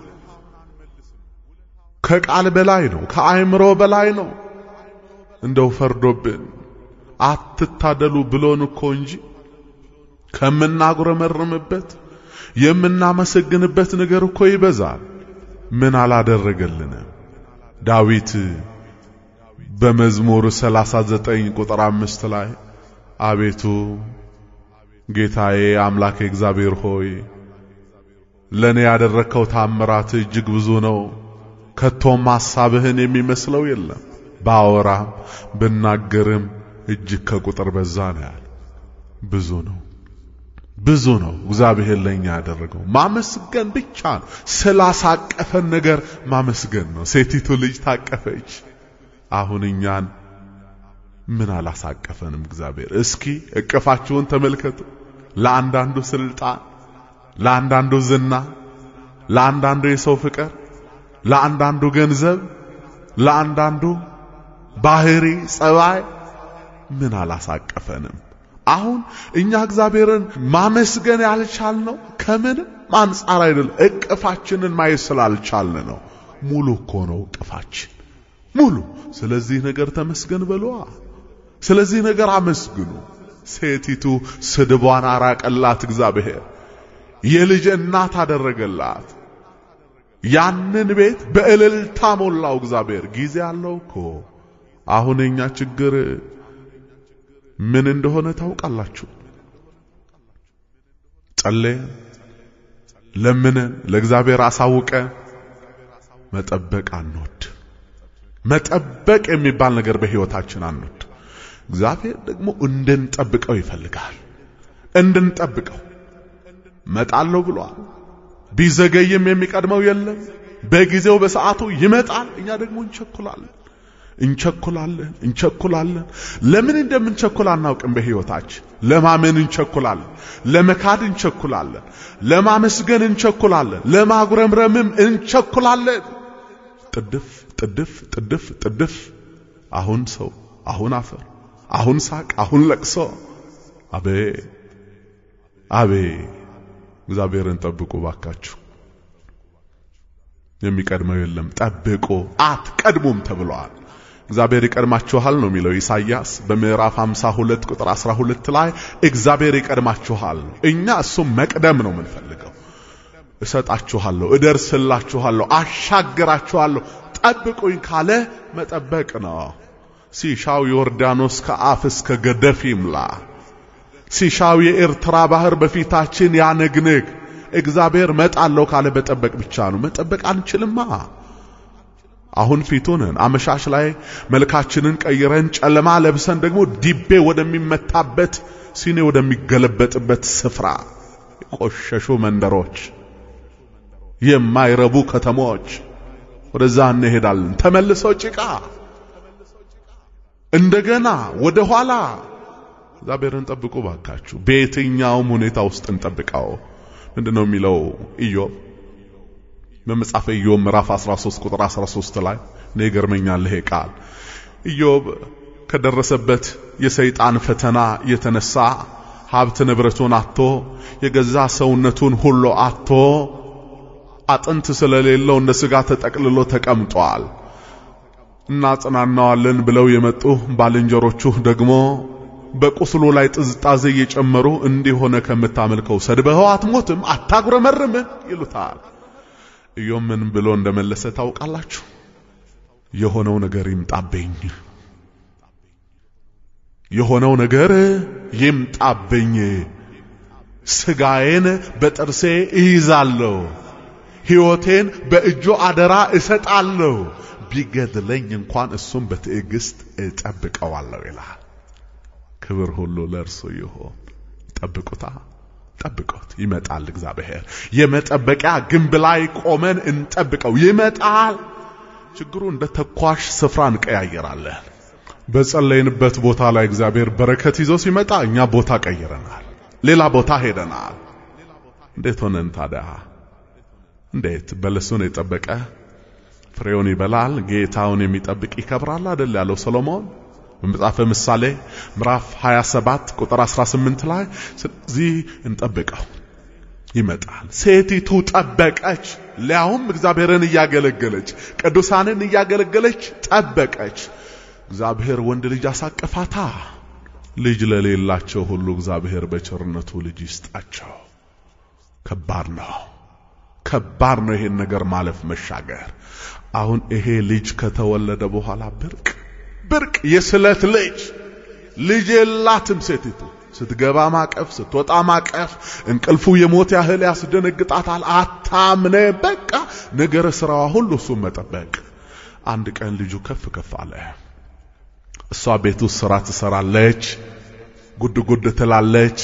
ከቃል በላይ ነው፣ ከአእምሮ በላይ ነው እንደው ፈርዶብን አትታደሉ ብሎን እኮ እንጂ ከምናጉረመርምበት የምናመሰግንበት ነገር እኮ ይበዛል። ምን አላደረገልንም? ዳዊት በመዝሙር 39 ቁጥር 5 ላይ አቤቱ ጌታዬ አምላክ እግዚአብሔር ሆይ ለኔ ያደረከው ታምራት እጅግ ብዙ ነው፣ ከቶም ሐሳብህን የሚመስለው የለም። ባወራም ብናገርም እጅግ ከቁጥር በዛ ነው ያለ። ብዙ ነው ብዙ ነው እግዚአብሔር ለኛ ያደረገው። ማመስገን ብቻ ነው። ስላሳቀፈን ነገር ማመስገን ነው። ሴቲቱ ልጅ ታቀፈች። አሁን እኛን ምን አላሳቀፈንም እግዚአብሔር? እስኪ እቅፋችሁን ተመልከቱ። ለአንዳንዱ ስልጣን፣ ለአንዳንዱ ዝና፣ ለአንዳንዱ የሰው ፍቅር፣ ለአንዳንዱ ገንዘብ፣ ለአንዳንዱ ባህሪ ጸባይ ምን አላሳቀፈንም? አሁን እኛ እግዚአብሔርን ማመስገን ያልቻልነው ከምንም አንጻር አይደለም፣ እቅፋችንን ማየት ስላልቻልን ነው። ሙሉ እኮ ነው እቅፋችን ሙሉ። ስለዚህ ነገር ተመስገን በለዋ ስለዚህ ነገር አመስግኑ። ሴቲቱ ስድቧን አራቀላት እግዚአብሔር፣ የልጅ እናት አደረገላት። ያንን ቤት በእልልታ ሞላው እግዚአብሔር። ጊዜ አለው እኮ አሁን የኛ ችግር ምን እንደሆነ ታውቃላችሁ። ጸለየ፣ ለምነ፣ ለእግዚአብሔር አሳውቀ። መጠበቅ አንወድ። መጠበቅ የሚባል ነገር በህይወታችን አንወድ። እግዚአብሔር ደግሞ እንድንጠብቀው ይፈልጋል። እንድንጠብቀው መጣለሁ ብሏል። ቢዘገይም የሚቀድመው የለም። በጊዜው በሰዓቱ ይመጣል። እኛ ደግሞ እንቸኩላለን። እንቸኩላለን እንቸኩላለን። ለምን እንደምንቸኩል አናውቅም። በሕይወታችን ለማመን እንቸኩላለን፣ ለመካድ እንቸኩላለን፣ ለማመስገን እንቸኩላለን፣ ለማጉረምረምም እንቸኩላለን። ጥድፍ ጥድፍ ጥድፍ ጥድፍ። አሁን ሰው፣ አሁን አፈር፣ አሁን ሳቅ፣ አሁን ለቅሶ። አቤ አቤ! እግዚአብሔርን ጠብቁ ባካችሁ። የሚቀድመው የለም። ጠብቁ አትቀድሙም ተብለዋል። እግዚአብሔር ይቀድማችኋል ነው የሚለው ኢሳይያስ በምዕራፍ 52 ቁጥር 12 ላይ እግዚአብሔር ይቀድማችኋል። እኛ እሱ መቅደም ነው የምንፈልገው። እሰጣችኋለሁ፣ እደርስላችኋለሁ፣ አሻግራችኋለሁ፣ ጠብቁኝ ካለ መጠበቅ ነው። ሲሻው ዮርዳኖስ ከአፍ እስከ ገደፍ ይምላ፣ ሲሻው የኤርትራ ባህር በፊታችን ያነግንግ። እግዚአብሔር መጣለው ካለ መጠበቅ ብቻ ነው። መጠበቅ አንችልማ። አሁን ፊቱን አመሻሽ ላይ መልካችንን ቀይረን ጨለማ ለብሰን ደግሞ ዲቤ ወደሚመታበት ሲኔ ወደሚገለበጥበት ስፍራ የቆሸሹ መንደሮች፣ የማይረቡ ከተሞች ወደዛ እንሄዳለን። ተመልሰው ጭቃ እንደገና ወደ ኋላ እግዚአብሔርን ጠብቁ ባካችሁ። በየትኛውም ሁኔታ ውስጥ እንጠብቀው። ምንድነው የሚለው ኢዮብ በመጽሐፈ ኢዮብ ምዕራፍ 13 ቁጥር 13 ላይ ነው ይገርመኛል ይሄ ቃል። ኢዮብ ከደረሰበት የሰይጣን ፈተና የተነሳ ሀብት ንብረቱን አጥቶ የገዛ ሰውነቱን ሁሉ አጥቶ አጥንት ስለሌለው እንደ ስጋ ተጠቅልሎ ተቀምጧል። እናጽናናዋለን ብለው የመጡ ባልንጀሮቹ ደግሞ በቁስሉ ላይ ጥዝጣዜ እየጨመሩ እንዲሆነ ከምታመልከው ሰድበኸው አትሞትም፣ አታጉረመርም ይሉታል። እዮም ምን ብሎ እንደመለሰ ታውቃላችሁ? የሆነው ነገር ይምጣብኝ፣ የሆነው ነገር ይምጣብኝ፣ ስጋዬን በጥርሴ እይዛለሁ፣ ሕይወቴን በእጁ አደራ እሰጣለሁ፣ ቢገድለኝ እንኳን እሱም በትዕግስት እጠብቀዋለሁ ይላል። ክብር ሁሉ ለእርሱ ይሆን። ጠብቁታ ጠብቁት ይመጣል። እግዚአብሔር የመጠበቂያ ግንብ ላይ ቆመን እንጠብቀው። ይመጣል። ችግሩ እንደ ተኳሽ ስፍራ እንቀያየራለን። በጸለይንበት ቦታ ላይ እግዚአብሔር በረከት ይዞ ሲመጣ እኛ ቦታ ቀይረናል፣ ሌላ ቦታ ሄደናል። እንዴት ሆነን ታዲያ? እንዴት በለሱን የጠበቀ ፍሬውን ይበላል፣ ጌታውን የሚጠብቅ ይከብራል አይደል ያለው ሰሎሞን። በመጽሐፈ ምሳሌ ምዕራፍ 27 ቁጥር 18 ላይ ስለዚህ እንጠብቀው ይመጣል። ሴቲቱ ጠበቀች፣ ሊያውም እግዚአብሔርን እያገለገለች ቅዱሳንን እያገለገለች ጠበቀች። እግዚአብሔር ወንድ ልጅ አሳቀፋታ። ልጅ ለሌላቸው ሁሉ እግዚአብሔር በቸርነቱ ልጅ ይስጣቸው። ከባድ ነው፣ ከባድ ነው ይሄን ነገር ማለፍ መሻገር። አሁን ይሄ ልጅ ከተወለደ በኋላ ብርቅ ብርቅ የስለት ልጅ ልጅ የላትም ሴቲቱ። ስትገባ ማቀፍ፣ ስትወጣ ማቀፍ። እንቅልፉ የሞት ያህል ያስደነግጣታል። አታምነ በቃ ነገረ ስራዋ ሁሉ እሱን መጠበቅ። አንድ ቀን ልጁ ከፍ ከፍ አለ። እሷ ቤት ውስጥ ስራ ትሰራለች፣ ጉድ ጉድ ትላለች።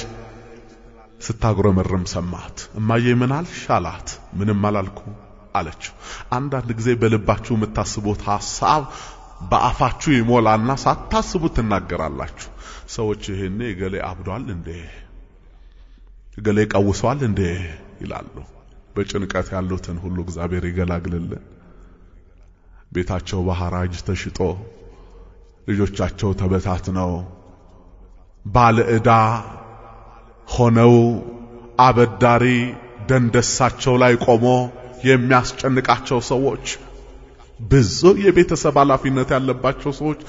ስታጉረመርም ሰማት። እማዬ ምን አልሽ አላት። ምንም አላልኩ አለችው። አንዳንድ ጊዜ በልባችሁ የምታስቡት ሐሳብ በአፋችሁ ይሞላና ሳታስቡ ትናገራላችሁ። ሰዎች ይሄኔ እገሌ አብዷል እንዴ እገሌ ቀውሷል እንዴ ይላሉ። በጭንቀት ያሉትን ሁሉ እግዚአብሔር ይገላግልልን። ቤታቸው በሐራጅ ተሽጦ ልጆቻቸው ተበታትነው ባለ ዕዳ ሆነው አበዳሪ ደንደሳቸው ላይ ቆሞ የሚያስጨንቃቸው ሰዎች ብዙ የቤተሰብ ኃላፊነት ያለባቸው ሰዎች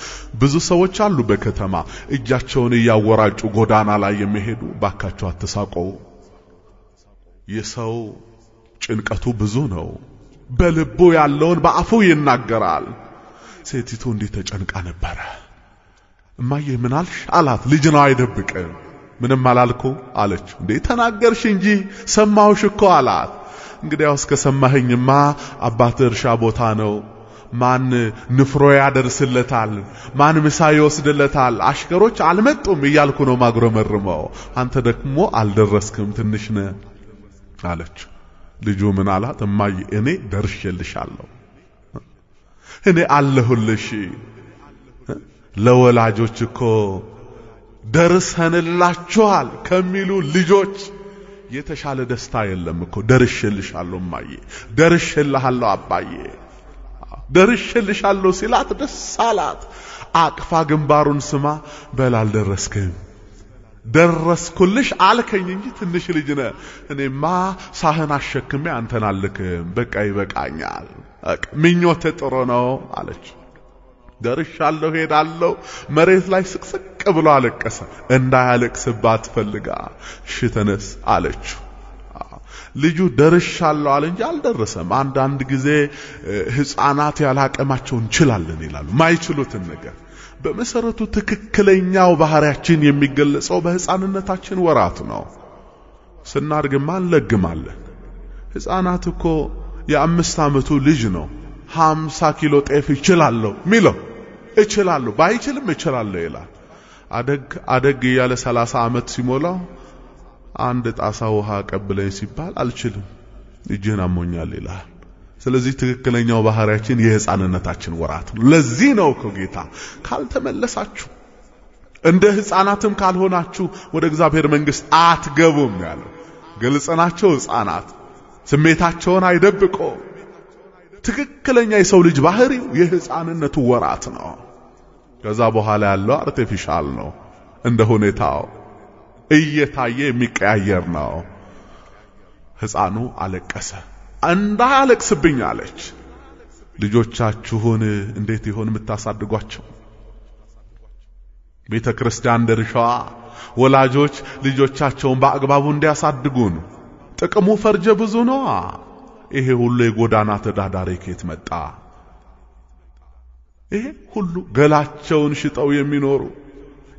ብዙ ሰዎች አሉ። በከተማ እጃቸውን እያወራጩ ጎዳና ላይ የሚሄዱ ባካቸው አትሳቀው። የሰው ጭንቀቱ ብዙ ነው። በልቡ ያለውን በአፉ ይናገራል። ሴቲቱ እንዲህ ተጨንቃ ነበረ። እማዬ ምን አልሽ አላት። ልጅ ነው አይደብቅም። ምንም አላልኩ አለች። እንዴ ተናገርሽ እንጂ ሰማሁሽ እኮ አላት። እንግዲያውስ ከሰማኸኝማ አባት እርሻ ቦታ ነው ማን ንፍሮ ያደርስለታል? ማን ምሳ ይወስድለታል? አሽከሮች አልመጡም እያልኩ ነው ማጉረመርመው። አንተ ደግሞ አልደረስክም ትንሽ ነ አለች። ልጁ ምን አላት? እማዬ እኔ ደርሼልሻለሁ፣ እኔ አለሁልሽ። ለወላጆች እኮ ደርሰንላችኋል ከሚሉ ልጆች የተሻለ ደስታ የለም እኮ። ደርሼልሻለሁ እማዬ፣ ደርሼልሃለሁ አባዬ ደርሼልሻለሁ ሲላት ደስ አላት። አቅፋ ግንባሩን ስማ በል አልደረስክም ደረስኩልሽ አልከኝ እንጂ ትንሽ ልጅ ነህ። እኔማ ሳህን አሸክሜ አንተን አልክም። በቃ ይበቃኛል። ምኞት ጥሩ ነው አለች። ደርሻለሁ፣ ሄዳለሁ። መሬት ላይ ስቅስቅ ብሎ አለቀሰ። እንዳያለቅስባት ፈልጋ ሽተነስ አለችው። ልጁ ደርሻለሁ አለ እንጂ አልደረሰም። አንዳንድ ጊዜ ህፃናት ያላቀማቸው እንችላለን ይላሉ ማይችሉትን ነገር። በመሰረቱ ትክክለኛው ባህሪያችን የሚገለጸው በህፃንነታችን ወራት ነው። ስናድግማ እንለግማለን። ህፃናት እኮ የአምስት ዓመቱ ልጅ ነው ሃምሳ ኪሎ ጤፍ እችላለሁ ሚለው እችላለሁ ባይችልም እችላለሁ ይላል። አደግ አደግ እያለ ሰላሳ ዓመት ሲሞላው አንድ ጣሳ ውሃ ቀብለኝ ሲባል አልችልም፣ እጅህን አሞኛል ይልሃል። ስለዚህ ትክክለኛው ባህሪያችን የህፃንነታችን ወራት ነው። ለዚህ ነው እኮ ጌታ ካልተመለሳችሁ እንደ ህፃናትም ካልሆናችሁ ወደ እግዚአብሔር መንግስት አትገቡም ያለው። ግልጽ ናቸው ህፃናት። ስሜታቸውን አይደብቆ ትክክለኛ የሰው ልጅ ባህሪው የህፃንነቱ ወራት ነው። ከዛ በኋላ ያለው አርቲፊሻል ነው እንደ ሁኔታው። እየታየ የሚቀያየር ነው። ሕፃኑ አለቀሰ። እንዳያለቅስብኝ አለች። ልጆቻችሁን እንዴት ይሆን የምታሳድጓቸው? ቤተ ክርስቲያን ድርሻዋ ወላጆች ልጆቻቸውን በአግባቡ እንዲያሳድጉን። ጥቅሙ ፈርጀ ብዙ ነው ይሄ ሁሉ የጎዳና ተዳዳሪ ከየት መጣ? ይሄ ሁሉ ገላቸውን ሽጠው የሚኖሩ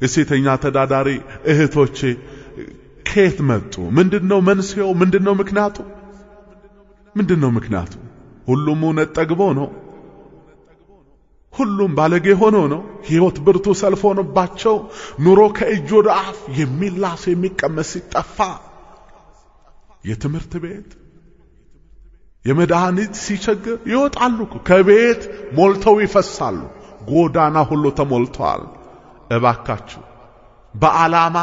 እሴተኛ ተዳዳሪ እህቶቼ ከየት መጡ? ምንድነው መንስኤው? ምንድነው ምክንያቱ? ምንድነው ምክንያቱ? ሁሉም እውነት ጠግቦ ነው። ሁሉም ባለጌ ሆኖ ነው። ሕይወት ብርቱ ሰልፍ ሆኖባቸው ኑሮ ከእጅ ወደ አፍ የሚላስ የሚቀመስ ሲጠፋ የትምህርት ቤት የመድኃኒት ሲቸግር ይወጣሉ። ከቤት ሞልተው ይፈሳሉ። ጎዳና ሁሉ ተሞልተዋል። እባካችሁ በዓላማ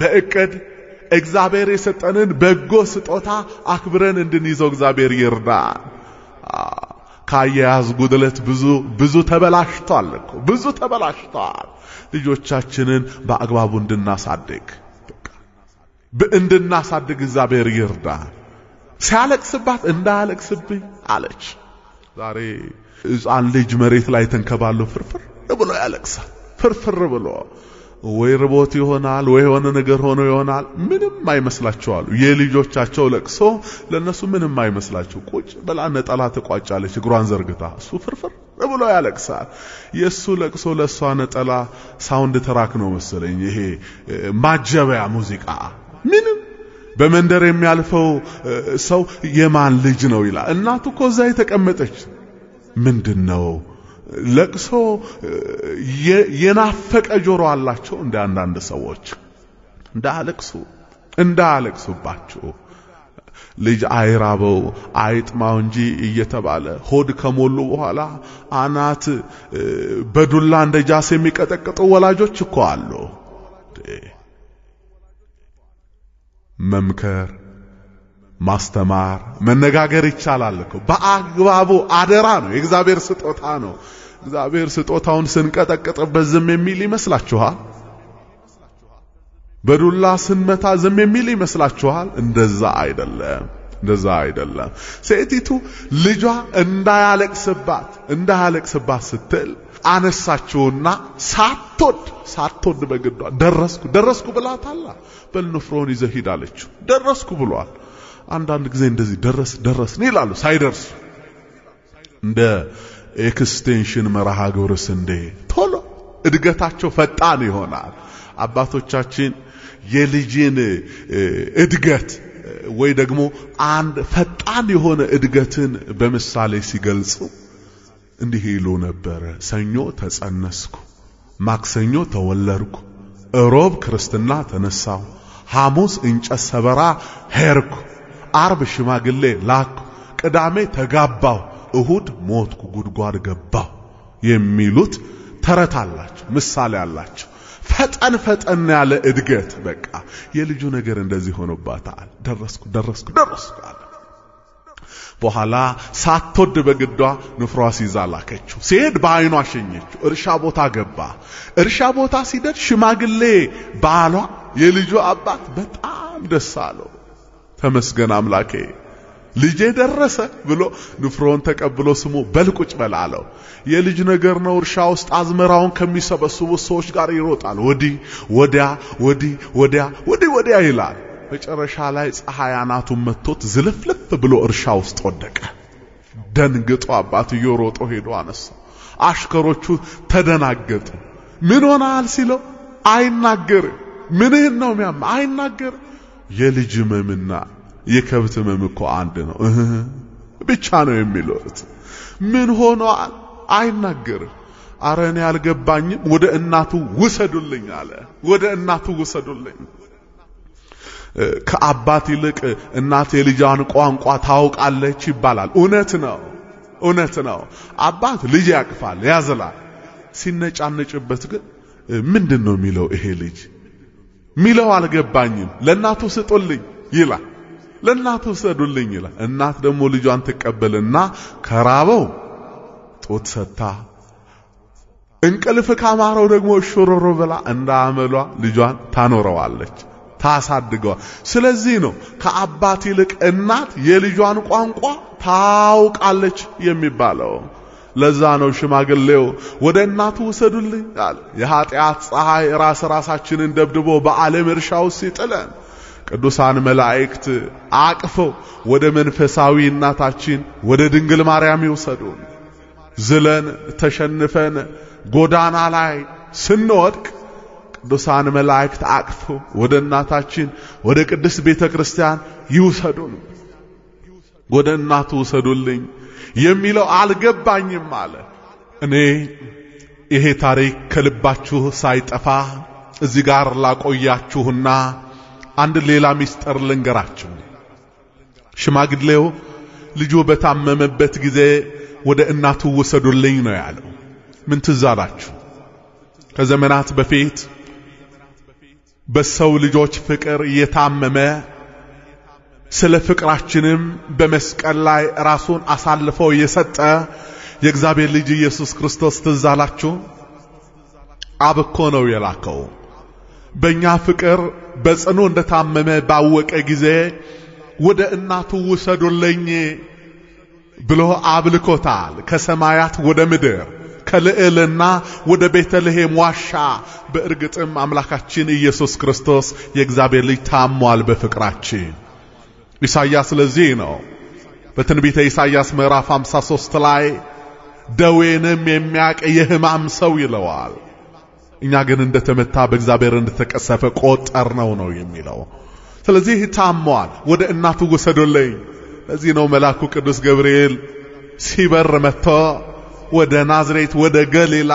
በእቅድ እግዚአብሔር የሰጠንን በጎ ስጦታ አክብረን እንድንይዘው እግዚአብሔር ይርዳን። ከአያያዝ ጉድለት ብዙ ብዙ ተበላሽቷል እኮ ብዙ ተበላሽቷል። ልጆቻችንን በአግባቡ እንድናሳድግ እንድናሳድግ እግዚአብሔር ይርዳን። ሲያለቅስባት እንዳያለቅስብኝ አለች። ዛሬ ሕፃን ልጅ መሬት ላይ ተንከባለው ፍርፍር ብሎ ያለቅሳል። ፍርፍር ብሎ ወይ ርቦት ይሆናል ወይ የሆነ ነገር ሆኖ ይሆናል። ምንም አሉ። የልጆቻቸው ለቅሶ ለነሱ ምንም አይመስላቸው። ቁጭ ብላ ነጠላ ትቋጫለች እግሯን ዘርግታ፣ እሱ ፍርፍር ብሎ ያለቅሳል። የእሱ ለቅሶ ለእሷ ነጠላ ሳውንድ ትራክ ነው መሰለኝ፣ ይሄ ማጀበያ ሙዚቃ። ምንም በመንደር የሚያልፈው ሰው የማን ልጅ ነው ይላል። እናቱ እኮ እዛ የተቀመጠች ምንድን ነው ለቅሶ የናፈቀ ጆሮ አላቸው። እንደ አንዳንድ ሰዎች እንዳለቅሱ እንዳለቅሱባችሁ ልጅ አይራበው አይጥማው እንጂ እየተባለ ሆድ ከሞሉ በኋላ አናት በዱላ እንደ ጃስ የሚቀጠቅጡ ወላጆች እኮ አሉ። መምከር ማስተማር መነጋገር ይቻላል እኮ በአግባቡ አደራ ነው። የእግዚአብሔር ስጦታ ነው። እግዚአብሔር ስጦታውን ስንቀጠቅጥበት ዝም የሚል ይመስላችኋል? በዱላ ስንመታ ዝም የሚል ይመስላችኋል? እንደዛ አይደለም፣ እንደዛ አይደለም። ሴቲቱ ልጇ እንዳያለቅስባት እንዳያለቅስባት ስትል አነሳችውና ሳትወድ ሳትወድ በግዷ ደረስኩ ደረስኩ ብላታላ በል ይዘህ ሂድ አለችው። ደረስኩ ብሏል። አንዳንድ ጊዜ እንደዚህ ደረስ ደረስ ነው ይላሉ ሳይደርሱ እንደ ኤክስቴንሽን መርሃ ግብር ስንዴ ቶሎ እድገታቸው ፈጣን ይሆናል። አባቶቻችን የልጅን እድገት ወይ ደግሞ አንድ ፈጣን የሆነ እድገትን በምሳሌ ሲገልጹ እንዲህ ይሉ ነበረ። ሰኞ ተጸነስኩ፣ ማክሰኞ ተወለድኩ፣ እሮብ ክርስትና ተነሳሁ፣ ሐሙስ እንጨት ሰበራ ሄርኩ፣ አርብ ሽማግሌ ላኩ፣ ቅዳሜ ተጋባው እሁድ ሞትኩ፣ ጉድጓድ ገባሁ የሚሉት ተረት አላቸው፣ ምሳሌ አላቸው። ፈጠን ፈጠን ያለ እድገት በቃ የልጁ ነገር እንደዚህ ሆኖባታል። ደረስኩ ደረስኩ ደረስኩ አለ። በኋላ ሳትወድ በግዷ ንፍሯ ሲዛ ላከችው። ሲሄድ በአይኗ አሸኘችው። እርሻ ቦታ ገባ። እርሻ ቦታ ሲደርስ ሽማግሌ ባሏ የልጁ አባት በጣም ደስ አለው። ተመስገን አምላኬ ልጄ ደረሰ ብሎ ንፍሮን ተቀብሎ ስሙ በልቁጭ በላለው። አለው። የልጅ ነገር ነው። እርሻ ውስጥ አዝመራውን ከሚሰበስቡ ሰዎች ጋር ይሮጣል። ወዲህ ወዲያ፣ ወዲህ ወዲያ፣ ወዲህ ወዲያ ይላል። መጨረሻ ላይ ፀሐይ አናቱን መጥቶት ዝልፍልፍ ብሎ እርሻ ውስጥ ወደቀ። ደንግጦ አባትዮ ሮጦ ሄዶ አነሳው። አሽከሮቹ ተደናገጡ። ምን ሆነሃል ሲለው አይናገር ምንህን ነው የሚያም አይናገር የልጅ ህመምና የከብት ህመም እኮ አንድ ነው ብቻ ነው የሚሉት። ምን ሆኖ አይናገርም። አረ እኔ አልገባኝም። ወደ እናቱ ውሰዱልኝ አለ። ወደ እናቱ ውሰዱልኝ። ከአባት ይልቅ እናት የልጇን ቋንቋ ታውቃለች ይባላል። እውነት ነው፣ እውነት ነው። አባት ልጅ ያቅፋል፣ ያዝላል። ሲነጫነጭበት ግን ምንድን ነው የሚለው ይሄ ልጅ ሚለው አልገባኝም። ለእናቱ ስጡልኝ ይላል። ለእናቱ ሰዱልኝ ይላል። እናት ደግሞ ልጇን ትቀበልና ከራበው ጡት ሰታ፣ እንቅልፍ ካማረው ደግሞ ሹሮሮ ብላ እንዳመሏ ልጇን ታኖረዋለች፣ ታሳድገዋል። ስለዚህ ነው ከአባት ይልቅ እናት የልጇን ቋንቋ ታውቃለች የሚባለው። ለዛ ነው ሽማግሌው ወደ እናቱ ውሰዱልኝ አለ። የኃጢአት ፀሐይ ራስ ራሳችንን ደብድቦ በዓለም እርሻ ውስጥ ይጥለን። ቅዱሳን መላእክት አቅፈው ወደ መንፈሳዊ እናታችን ወደ ድንግል ማርያም ይውሰዱን። ዝለን ተሸንፈን ጎዳና ላይ ስንወድቅ ቅዱሳን መላእክት አቅፈው ወደ እናታችን ወደ ቅድስት ቤተ ክርስቲያን ይውሰዱን። ወደ እናቱ ውሰዱልኝ የሚለው አልገባኝም አለ። እኔ ይሄ ታሪክ ከልባችሁ ሳይጠፋ እዚህ ጋር ላቆያችሁና አንድ ሌላ ምስጢር ልንገራችሁ። ሽማግሌው ልጁ በታመመበት ጊዜ ወደ እናቱ ውሰዱልኝ ነው ያለው። ምን ትዝ አላችሁ? ከዘመናት በፊት በሰው ልጆች ፍቅር እየታመመ ስለ ፍቅራችንም በመስቀል ላይ ራሱን አሳልፎ የሰጠ የእግዚአብሔር ልጅ ኢየሱስ ክርስቶስ ትዝ አላችሁ? አብ እኮ ነው የላከው። በእኛ ፍቅር በጽኑ እንደታመመ ባወቀ ጊዜ ወደ እናቱ ውሰዱልኝ ብሎ አብልኮታል። ከሰማያት ወደ ምድር ከልዕልና ወደ ቤተልሔም ዋሻ። በእርግጥም አምላካችን ኢየሱስ ክርስቶስ የእግዚአብሔር ልጅ ታሟል በፍቅራችን። ኢሳይያስ ለዚህ ነው በትንቢተ ኢሳይያስ ምዕራፍ 53 ላይ ደዌንም የሚያቀ የሕማም ሰው ይለዋል። እኛ ግን እንደተመታ በእግዚአብሔር እንደተቀሰፈ ቆጠር ነው ነው የሚለው። ስለዚህ ታሟል፣ ወደ እናቱ ወሰዶልኝ። ለዚህ ነው መልአኩ ቅዱስ ገብርኤል ሲበር መጥቶ ወደ ናዝሬት ወደ ገሊላ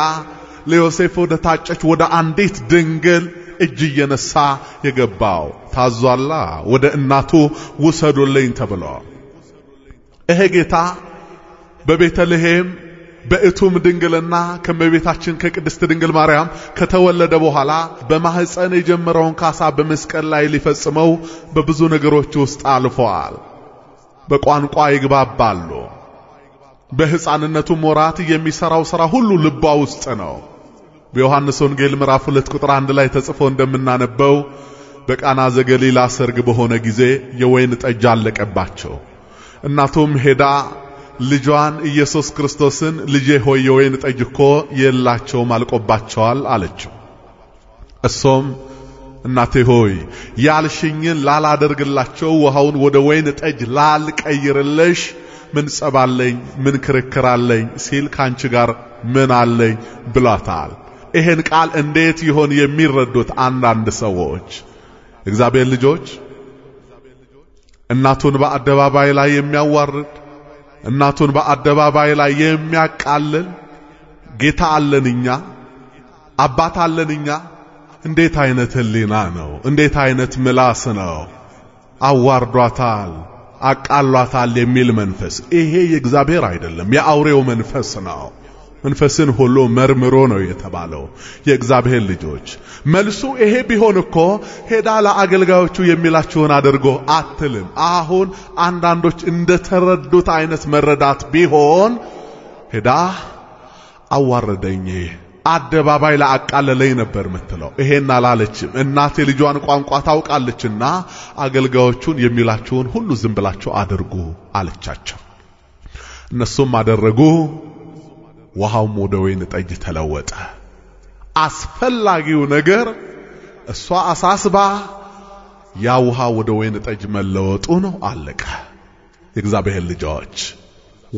ለዮሴፍ ወደ ታጨች ወደ አንዲት ድንግል እጅ እየነሳ የገባው ታዟላ። ወደ እናቱ ውሰዱልኝ ተብሎ እሄ ጌታ በቤተልሔም በእቱም ድንግልና ከመቤታችን ከቅድስት ድንግል ማርያም ከተወለደ በኋላ በማህፀን የጀመረውን ካሳ በመስቀል ላይ ሊፈጽመው በብዙ ነገሮች ውስጥ አልፈዋል። በቋንቋ ይግባባሉ። በሕፃንነቱም ወራት የሚሠራው ሥራ ሁሉ ልቧ ውስጥ ነው። በዮሐንስ ወንጌል ምዕራፍ 2 ቁጥር 1 ላይ ተጽፎ እንደምናነበው በቃና ዘገሊላ ሰርግ በሆነ ጊዜ የወይን ጠጅ አለቀባቸው። እናቱም ሄዳ ልጇን ኢየሱስ ክርስቶስን ልጄ ሆይ የወይን ጠጅ እኮ የላቸውም አልቆባቸዋል አለችው። እሶም እናቴ ሆይ ያልሽኝን ላላደርግላቸው ውሃውን ወደ ወይን ጠጅ ላልቀይርልሽ ምን ጸባለኝ? ምን ክርክራለኝ? ሲል ካንቺ ጋር ምን አለኝ ብሏታል። ይሄን ቃል እንዴት ይሆን የሚረዱት አንዳንድ ሰዎች እግዚአብሔር ልጆች እናቱን በአደባባይ ላይ የሚያዋርድ እናቱን በአደባባይ ላይ የሚያቃልል ጌታ አለንኛ አባት አለንኛ እንዴት አይነት ህሊና ነው? እንዴት አይነት ምላስ ነው? አዋርዷታል፣ አቃሏታል የሚል መንፈስ ይሄ የእግዚአብሔር አይደለም፣ የአውሬው መንፈስ ነው። መንፈስን ሁሉ መርምሮ ነው የተባለው። የእግዚአብሔር ልጆች መልሱ ይሄ ቢሆን እኮ ሄዳ ለአገልጋዮቹ የሚላችሁን አድርጎ አትልም። አሁን አንዳንዶች እንደተረዱት አይነት መረዳት ቢሆን ሄዳ አዋረደኝ፣ አደባባይ ላአቃለለኝ ነበር ምትለው። ይሄን አላለችም። እናቴ ልጇን ቋንቋ ታውቃለችና አገልጋዮቹን የሚላችሁን ሁሉ ዝም ብላችሁ አድርጉ አለቻቸው። እነሱም አደረጉ። ውሃውም ወደ ወይን ጠጅ ተለወጠ። አስፈላጊው ነገር እሷ አሳስባ ያ ውሃ ወደ ወይን ጠጅ መለወጡ ነው። አለቀ። የእግዚአብሔር ልጆች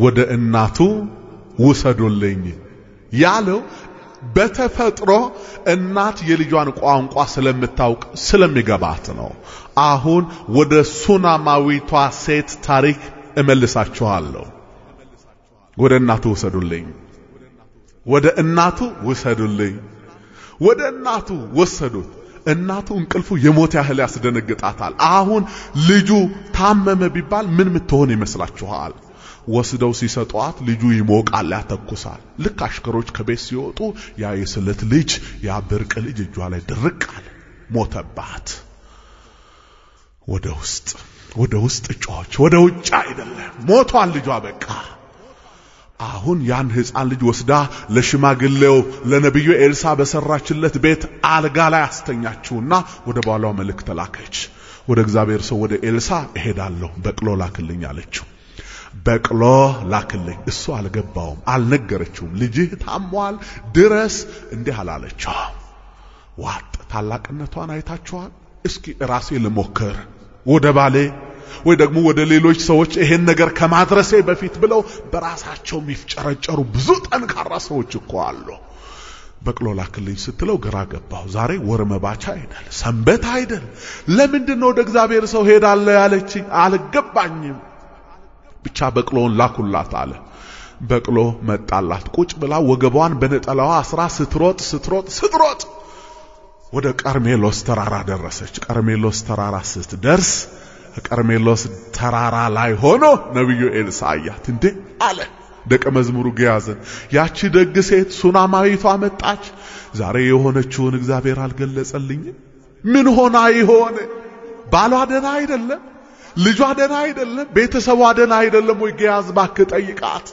ወደ እናቱ ውሰዱልኝ ያለው በተፈጥሮ እናት የልጇን ቋንቋ ስለምታውቅ ስለሚገባት ነው። አሁን ወደ ሱናማዊቷ ሴት ታሪክ እመልሳችኋለሁ። ወደ እናቱ ውሰዱልኝ። ወደ እናቱ ውሰዱልኝ። ወደ እናቱ ወሰዱት። እናቱ እንቅልፉ የሞት ያህል ያስደነግጣታል። አሁን ልጁ ታመመ ቢባል ምን ምትሆን ይመስላችኋል? ወስደው ሲሰጧት ልጁ ይሞቃል፣ ያተኩሳል። ልክ አሽከሮች ከቤት ሲወጡ ያ የስለት ልጅ ያ ብርቅ ልጅ እጇ ላይ ድርቃል፣ ሞተባት። ወደ ውስጥ ወደ ውስጥ እጮች ወደ ውጭ አይደለም፣ ሞቷል ልጇ በቃ አሁን ያን ሕፃን ልጅ ወስዳ ለሽማግሌው ለነቢዩ ኤልሳ በሰራችለት ቤት አልጋ ላይ አስተኛችውና ወደ ባሏ መልእክት ላከች። ወደ እግዚአብሔር ሰው ወደ ኤልሳ እሄዳለሁ፣ በቅሎ ላክልኝ አለችው። በቅሎ ላክልኝ፣ እሱ አልገባውም፣ አልነገረችውም። ልጅህ ታሟል፣ ድረስ እንዲህ አላለችው። ዋጥ ታላቅነቷን አይታችኋል። እስኪ ራሴ ልሞክር ወደ ባሌ ወይ ደግሞ ወደ ሌሎች ሰዎች ይሄን ነገር ከማድረሴ በፊት ብለው በራሳቸው የሚፍጨረጨሩ ብዙ ጠንካራ ሰዎች እኮ አሉ። በቅሎ ላክልኝ ስትለው ግራ ገባሁ። ዛሬ ወር መባቻ አይደል፣ ሰንበት አይደል። ለምንድን ነው ወደ እግዚአብሔር ሰው ሄዳለሁ ያለች? አልገባኝም። ብቻ በቅሎውን ላኩላት አለ። በቅሎ መጣላት። ቁጭ ብላ ወገቧን በነጠላዋ አስራ ስትሮጥ ስትሮጥ ስትሮጥ ወደ ቀርሜሎስ ተራራ ደረሰች። ቀርሜሎስ ተራራ ስትደርስ ከቀርሜሎስ ተራራ ላይ ሆኖ ነቢዩ አያት እንዴ አለ። ደቀ መዝሙሩ ገያዘን ያቺ ደግ ሴት ሱናማዊቷ መጣች። ዛሬ የሆነችውን እግዚአብሔር አልገለጸልኝም። ምን ሆና ይሆን? ባሏ ደና አይደለም፣ ልጇ ደና አይደለም፣ ቤተሰቧ ደና አይደለም ወይ? ገያዝ ባክ ጠይቃት።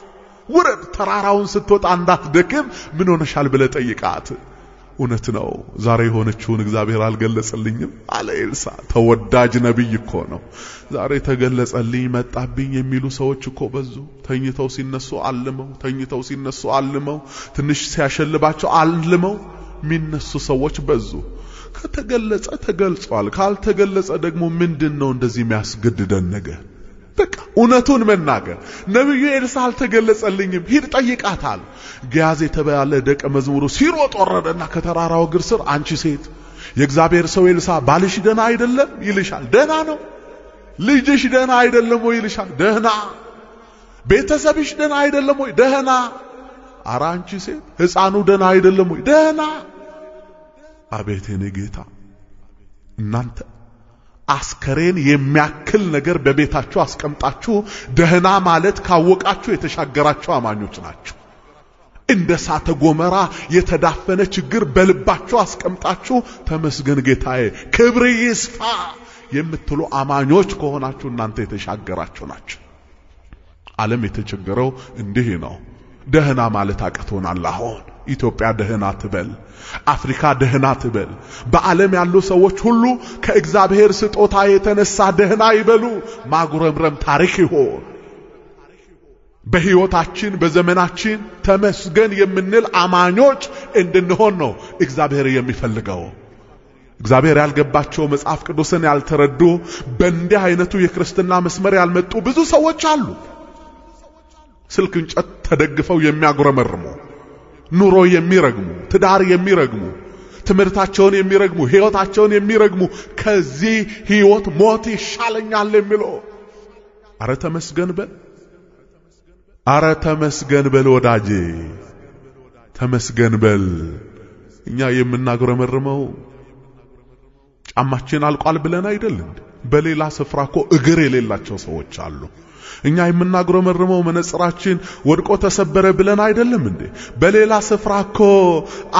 ውረድ፣ ተራራውን ስትወጣ እንዳትደክም ምን ሆነሻል ብለ ጠይቃት። እውነት ነው ዛሬ የሆነችውን እግዚአብሔር አልገለጸልኝም አለ ኤልሳ። ተወዳጅ ነቢይ እኮ ነው። ዛሬ ተገለጸልኝ መጣብኝ የሚሉ ሰዎች እኮ በዙ። ተኝተው ሲነሱ አልመው፣ ተኝተው ሲነሱ አልመው፣ ትንሽ ሲያሸልባቸው አልመው የሚነሱ ሰዎች በዙ። ከተገለጸ ተገልጿል፣ ካልተገለጸ ደግሞ ምንድን ነው እንደዚህ የሚያስገድደን ነገር? በቃ እውነቱን መናገር ነቢዩ ኤልሳ አልተገለጸልኝም፣ ሂድ ጠይቃታል አለ። የተባለ ደቀ መዝሙሩ ሲሮጥ ወረደና ከተራራው እግር ስር አንቺ ሴት የእግዚአብሔር ሰው ኤልሳ ባልሽ ደህና አይደለም ይልሻል። ደህና ነው። ልጅሽ ደህና አይደለም ወይ ይልሻል። ደህና። ቤተሰብሽ ደህና አይደለም ወይ? ደህና። ኧረ አንቺ ሴት ሕፃኑ ደህና አይደለም ወይ? ደህና። አቤት የኔ ጌታ እናንተ አስከሬን የሚያክል ነገር በቤታችሁ አስቀምጣችሁ ደህና ማለት ካወቃችሁ የተሻገራችሁ አማኞች ናችሁ። እንደ እሳተ ጎመራ የተዳፈነ ችግር በልባችሁ አስቀምጣችሁ ተመስገን ጌታዬ ክብር ይስፋ የምትሉ አማኞች ከሆናችሁ እናንተ የተሻገራችሁ ናችሁ። ዓለም የተቸገረው እንዲህ ነው። ደህና ማለት አቅቶናል። አሁን ኢትዮጵያ ደህና ትበል፣ አፍሪካ ደህና ትበል፣ በዓለም ያሉ ሰዎች ሁሉ ከእግዚአብሔር ስጦታ የተነሳ ደህና ይበሉ። ማጉረምረም ታሪክ ይሆን። በሕይወታችን በዘመናችን ተመስገን የምንል አማኞች እንድንሆን ነው እግዚአብሔር የሚፈልገው። እግዚአብሔር ያልገባቸው መጽሐፍ ቅዱስን ያልተረዱ በእንዲህ አይነቱ የክርስትና መስመር ያልመጡ ብዙ ሰዎች አሉ። ስልክ እንጨት ተደግፈው የሚያጉረመርሙ፣ ኑሮ የሚረግሙ፣ ትዳር የሚረግሙ፣ ትምህርታቸውን የሚረግሙ፣ ሕይወታቸውን የሚረግሙ ከዚህ ሕይወት ሞት ይሻለኛል የሚለው አረ ተመስገን በል፣ አረ ተመስገን በል ወዳጄ፣ ተመስገን በል። እኛ የምናጉረመርመው ጫማችን አልቋል ብለን አይደል? በሌላ ስፍራ እኮ እግር የሌላቸው ሰዎች አሉ። እኛ የምናጉረመርመው መነጽራችን ወድቆ ተሰበረ ብለን አይደለም እንዴ? በሌላ ስፍራ እኮ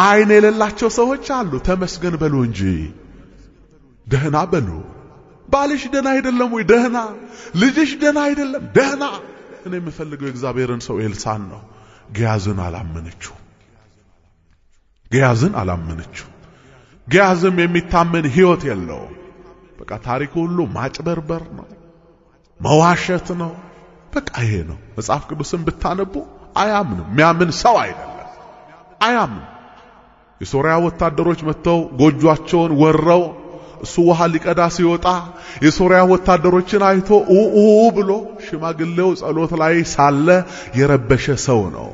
አይን የሌላቸው ሰዎች አሉ። ተመስገን በሉ እንጂ ደህና በሉ። ባልሽ ደህና አይደለም ወይ? ደህና። ልጅሽ ደህና አይደለም? ደህና። እኔ የምፈልገው የእግዚአብሔርን ሰው ኤልሳን ነው። ገያዝን አላመነችው። ገያዝን አላመነችው። ገያዝም የሚታመን ህይወት የለው በቃ ታሪኩ ሁሉ ማጭበርበር ነው። መዋሸት ነው። በቃ ይሄ ነው። መጽሐፍ ቅዱስን ብታነቡ አያምንም። የሚያምን ሰው አይደለም። አያምን የሶሪያ ወታደሮች መጥተው ጎጇቸውን ወረው እሱ ውሃ ሊቀዳ ሲወጣ የሶሪያ ወታደሮችን አይቶ ኡኡ ብሎ ሽማግሌው ጸሎት ላይ ሳለ የረበሸ ሰው ነው።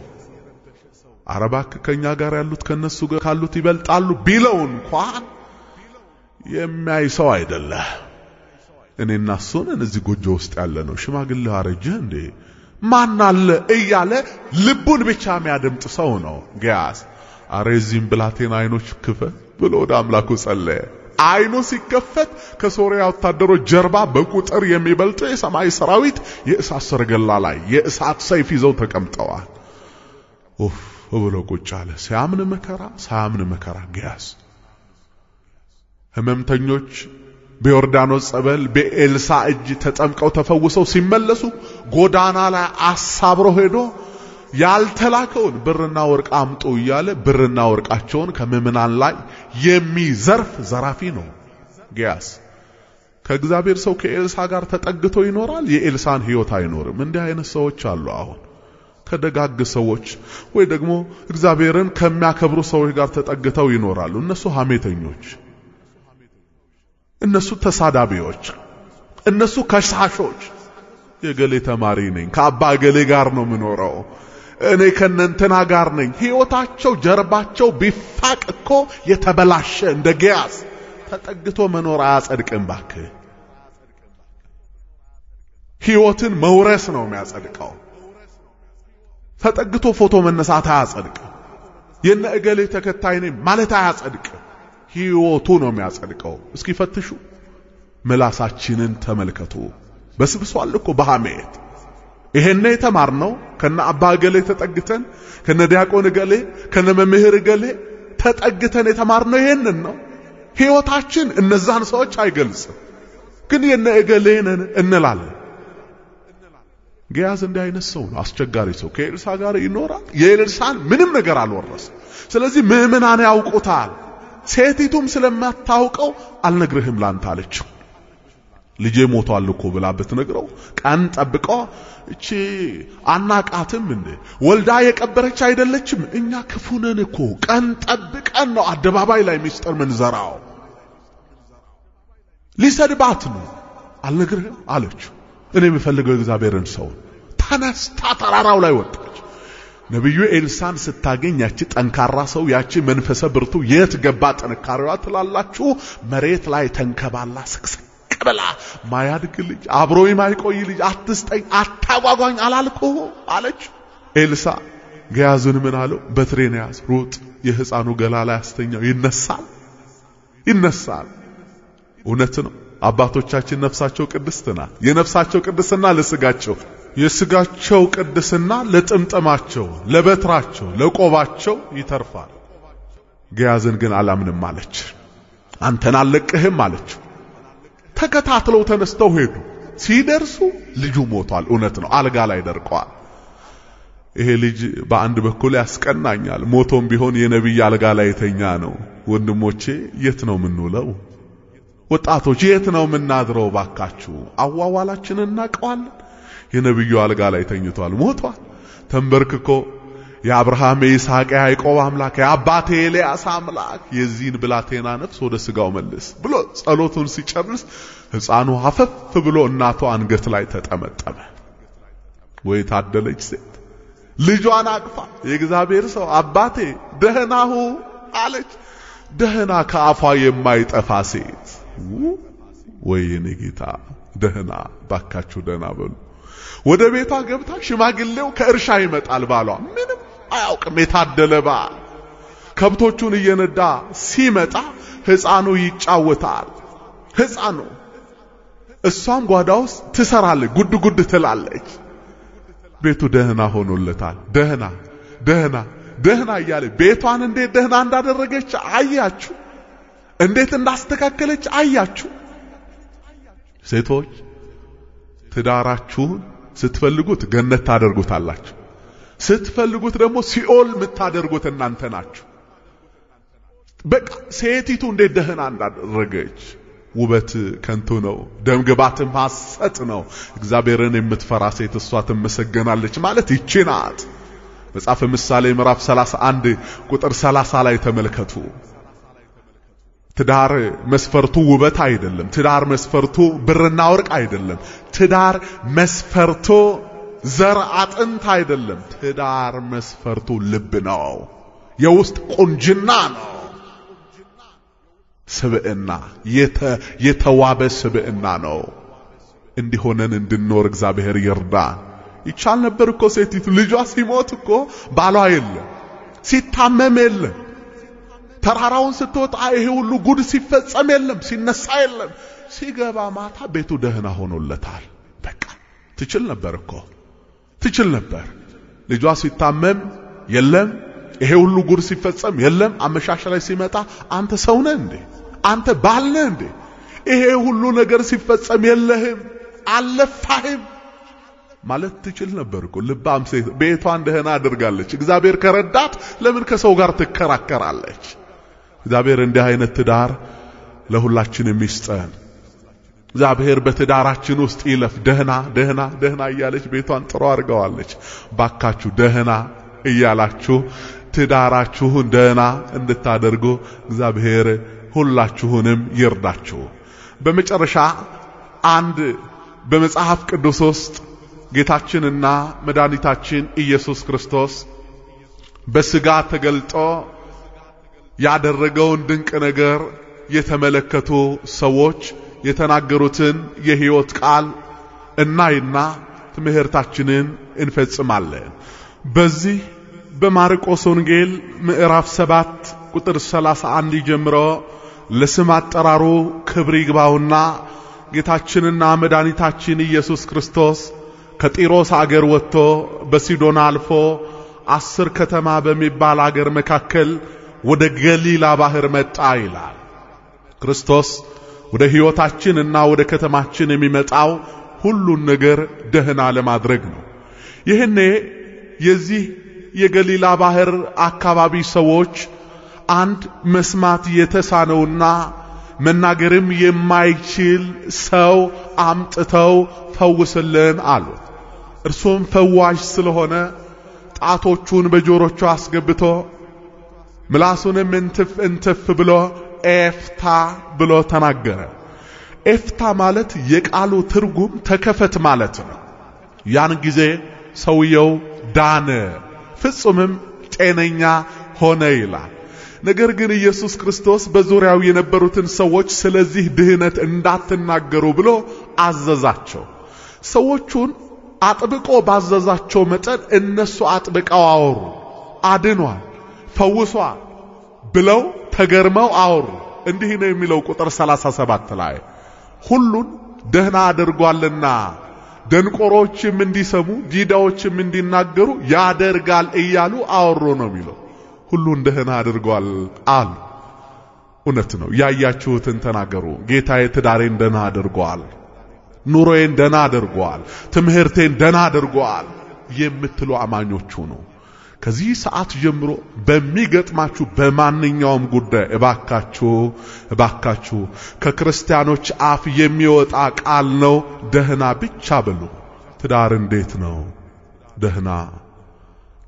አረባክ ከኛ ጋር ያሉት ከነሱ ጋር ካሉት ይበልጣሉ ቢለው እንኳን የሚያይ ሰው አይደለም። እኔና እሱ ነን እዚህ ጎጆ ውስጥ ያለ ነው። ሽማግሌው አረጀ እንዴ ማን አለ እያለ ልቡን ብቻ የሚያደምጥ ሰው ነው ገያስ። አረ የዚህም ብላቴን አይኖች ክፈት ብሎ ወደ አምላኩ ጸለየ። አይኑ ሲከፈት ከሶሪያ ወታደሮች ጀርባ በቁጥር የሚበልጡ የሰማይ ሰራዊት የእሳት ሰረገላ ላይ የእሳት ሰይፍ ይዘው ተቀምጠዋል። ኡፍ ብሎ ቁጭ አለ። ሲያምን መከራ፣ ሳያምን መከራ ገያስ ህመምተኞች በዮርዳኖስ ጸበል በኤልሳ እጅ ተጠምቀው ተፈውሰው ሲመለሱ ጎዳና ላይ አሳብሮ ሄዶ ያልተላከውን ብርና ወርቅ አምጡ እያለ ብርና ወርቃቸውን ከምዕመናን ላይ የሚዘርፍ ዘራፊ ነው። ጊያስ ከእግዚአብሔር ሰው ከኤልሳ ጋር ተጠግቶ ይኖራል። የኤልሳን ሕይወት አይኖርም። እንዲህ አይነት ሰዎች አሉ። አሁን ከደጋግ ሰዎች ወይ ደግሞ እግዚአብሔርን ከሚያከብሩ ሰዎች ጋር ተጠግተው ይኖራሉ። እነሱ ሐሜተኞች እነሱ ተሳዳቢዎች፣ እነሱ ከሳሾች። የገሌ ተማሪ ነኝ፣ ከአባ ገሌ ጋር ነው የምኖረው፣ እኔ ከነንትና ጋር ነኝ። ሕይወታቸው ጀርባቸው ቢፋቅ እኮ የተበላሸ እንደ ጊያዝ ተጠግቶ መኖር አያጸድቅም። እባክህ ሕይወትን መውረስ ነው የሚያጸድቀው። ተጠግቶ ፎቶ መነሳት አያጸድቅም። የነ እገሌ ተከታይ ነኝ ማለት አያጸድቅም። ሕይወቱ ነው የሚያጸድቀው። እስኪ ፈትሹ። ምላሳችንን ተመልከቱ። በስብሷል እኮ በሐሜት ይሄን የተማርነው ከነ አባ ገሌ ተጠግተን ከነ ዲያቆን ገሌ ከነ መምህር ገሌ ተጠግተን የተማርነው ይሄንን ነው። ሕይወታችን እነዛን ሰዎች አይገልጽም፣ ግን የነ እገሌ እንላለን። ገያዝ እንዲህ አይነት ሰው ነው፣ አስቸጋሪ ሰው። ከኤልሳ ጋር ይኖራል። የኤልሳን ምንም ነገር አልወረስም ስለዚህ ምእመናን ያውቁታል። ሴቲቱም ስለማታውቀው አልነግርህም ላንተ አለችው። ልጄ ሞቷል እኮ ብላ ብትነግረው ቀን ጠብቆ እቺ አናቃትም እንዴ ወልዳ የቀበረች አይደለችም? እኛ ክፉ ነን እኮ ቀን ጠብቀን ነው አደባባይ ላይ ሚስጥር ምንዘራው። ሊሰድባት ነው። አልነግርህም አለችው። እኔ የምፈልገው እግዚአብሔርን ሰው። ተነስታ ተራራው ላይ ወጣች። ነቢዩ ኤልሳን ስታገኝ ያቺ ጠንካራ ሰው ያቺ መንፈሰ ብርቱ የት ገባ ጥንካሬዋ ትላላችሁ? መሬት ላይ ተንከባላ ስቅስቅ ብላ ማያድግ ልጅ አብሮ የማይቆይ ልጅ አትስጠኝ፣ አታጓጓኝ አላልኩ አለች። ኤልሳ ገያዝን ምን አለው? በትሬን ያዝ፣ ሩጥ፣ የህፃኑ ገላ ላይ አስተኛው። ይነሳል፣ ይነሳል። እውነት ነው። አባቶቻችን ነፍሳቸው ቅድስት ናት። የነፍሳቸው ቅድስና ለስጋቸው የስጋቸው ቅድስና ለጥምጥማቸው፣ ለበትራቸው፣ ለቆባቸው ይተርፋል። ገያዝን ግን አላምንም አለች። አንተን አልለቅህም አለችው። ተከታትለው ተነስተው ሄዱ። ሲደርሱ ልጁ ሞቷል። እውነት ነው፣ አልጋ ላይ ደርቀዋል። ይሄ ልጅ በአንድ በኩል ያስቀናኛል። ሞቶም ቢሆን የነቢይ አልጋ ላይ የተኛ ነው። ወንድሞቼ የት ነው የምንውለው? ወጣቶች የት ነው የምናድረው? ባካችሁ አዋዋላችንን እናቀዋለን። የነብዩ አልጋ ላይ ተኝቷል፣ ሞቷል። ተንበርክኮ የአብርሃም የይስሐቅ የያዕቆብ አምላክ የአባቴ ኤልያስ አምላክ የዚህን ብላቴና ነፍስ ወደ ስጋው መልስ ብሎ ጸሎቱን ሲጨርስ ሕፃኑ አፈፍ ብሎ እናቷ አንገት ላይ ተጠመጠመ። ወይ ታደለች ሴት! ልጇን አቅፋ የእግዚአብሔር ሰው አባቴ ደህናሁ አለች። ደህና ከአፏ የማይጠፋ ሴት። የኔ ጌታ! ደህና ባካችሁ፣ ደህና በሉ። ወደ ቤቷ ገብታ ሽማግሌው ከእርሻ ይመጣል። ባሏ ምንም አያውቅም። የታደለ ባል ከብቶቹን እየነዳ ሲመጣ ሕፃኑ ይጫወታል። ሕፃኑ እሷም ጓዳ ውስጥ ትሰራለች፣ ጉድ ጉድ ትላለች። ቤቱ ደህና ሆኖለታል። ደህና ደህና ደህና እያለ ቤቷን እንዴት ደህና እንዳደረገች አያችሁ። እንዴት እንዳስተካከለች አያችሁ ሴቶች ትዳራችሁን ስትፈልጉት ገነት ታደርጉታላችሁ፣ ስትፈልጉት ደግሞ ሲኦል የምታደርጉት እናንተ ናችሁ። በቃ ሴቲቱ እንዴት ደህና እንዳደረገች ውበት ከንቱ ነው፣ ደምግባትም ሐሰት ነው። እግዚአብሔርን የምትፈራ ሴት እሷ ትመሰገናለች ማለት ይቺ ናት። መጽሐፈ ምሳሌ ምዕራፍ 31 ቁጥር 30 ላይ ተመልከቱ። ትዳር መስፈርቱ ውበት አይደለም። ትዳር መስፈርቱ ብርና ወርቅ አይደለም። ትዳር መስፈርቱ ዘር አጥንት አይደለም። ትዳር መስፈርቱ ልብ ነው፣ የውስጥ ቁንጅና ነው። ስብዕና የተዋበ ስብዕና ነው። እንዲሆነን እንድንኖር እግዚአብሔር ይርዳ ይቻል ነበር እኮ ሴቲቱ ልጇ ሲሞት እኮ ባሏ የለም፣ ሲታመም የለም ተራራውን ስትወጣ ይሄ ሁሉ ጉድ ሲፈጸም የለም ሲነሳ የለም። ሲገባ ማታ ቤቱ ደህና ሆኖለታል። በቃ ትችል ነበር እኮ ትችል ነበር። ልጇ ሲታመም የለም፣ ይሄ ሁሉ ጉድ ሲፈጸም የለም። አመሻሽ ላይ ሲመጣ አንተ ሰው ነህ እንዴ? አንተ ባል ነህ እንዴ? ይሄ ሁሉ ነገር ሲፈጸም የለህም፣ አልለፋህም ማለት ትችል ነበር እኮ። ልባም ሴት ቤቷን ደህና አድርጋለች። እግዚአብሔር ከረዳት ለምን ከሰው ጋር ትከራከራለች? እግዚአብሔር እንዲህ አይነት ትዳር ለሁላችን የሚስጠን እግዚአብሔር በትዳራችን ውስጥ ይለፍ። ደህና ደህና ደህና እያለች ቤቷን ጥሩ አድርገዋለች። ባካችሁ ደህና እያላችሁ ትዳራችሁን ደህና እንድታደርጉ እግዚአብሔር ሁላችሁንም ይርዳችሁ። በመጨረሻ አንድ በመጽሐፍ ቅዱስ ውስጥ ጌታችንና መድኃኒታችን ኢየሱስ ክርስቶስ በስጋ ተገልጦ ያደረገውን ድንቅ ነገር የተመለከቱ ሰዎች የተናገሩትን የሕይወት ቃል እናይና ትምህርታችንን እንፈጽማለን። በዚህ በማርቆስ ወንጌል ምዕራፍ 7 ቁጥር 31 ጀምሮ ለስም አጠራሩ ክብር ይግባውና ጌታችንና መድኃኒታችን ኢየሱስ ክርስቶስ ከጢሮስ አገር ወጥቶ በሲዶና አልፎ አስር ከተማ በሚባል አገር መካከል ወደ ገሊላ ባህር መጣ ይላል። ክርስቶስ ወደ እና ወደ ከተማችን የሚመጣው ሁሉን ነገር ደህና ለማድረግ ነው። ይህኔ የዚህ የገሊላ ባህር አካባቢ ሰዎች አንድ መስማት የተሳነውና መናገርም የማይችል ሰው አምጥተው ፈውስልን አሉት። እርሱም ፈዋሽ ስለሆነ ጣቶቹን በጆሮቹ አስገብቶ ምላሱንም እንትፍ እንትፍ ብሎ ኤፍታ ብሎ ተናገረ። ኤፍታ ማለት የቃሉ ትርጉም ተከፈት ማለት ነው። ያን ጊዜ ሰውየው ዳነ፣ ፍጹምም ጤነኛ ሆነ ይላል። ነገር ግን ኢየሱስ ክርስቶስ በዙሪያው የነበሩትን ሰዎች ስለዚህ ድህነት እንዳትናገሩ ብሎ አዘዛቸው። ሰዎቹን አጥብቆ ባዘዛቸው መጠን እነሱ አጥብቀው አወሩ። አድኗል፣ ፈውሷል፣ ብለው ተገርመው አወሩ። እንዲህ ነው የሚለው ቁጥር 37 ላይ ሁሉን ደህና አድርጓልና ደንቆሮችም እንዲሰሙ ዲዳዎችም እንዲናገሩ ያደርጋል እያሉ አወሩ ነው የሚለው። ሁሉን ደህና አድርጓል አሉ። እውነት ነው። ያያችሁትን ተናገሩ። ጌታዬ ትዳሬን ደህና አድርጓል፣ ኑሮዬን ደህና አድርጓል፣ ትምህርቴን ደህና አድርጓል የምትሉ አማኞቹ ነው። ከዚህ ሰዓት ጀምሮ በሚገጥማችሁ በማንኛውም ጉዳይ እባካችሁ እባካችሁ ከክርስቲያኖች አፍ የሚወጣ ቃል ነው፣ ደህና ብቻ በሉ። ትዳር እንዴት ነው? ደህና።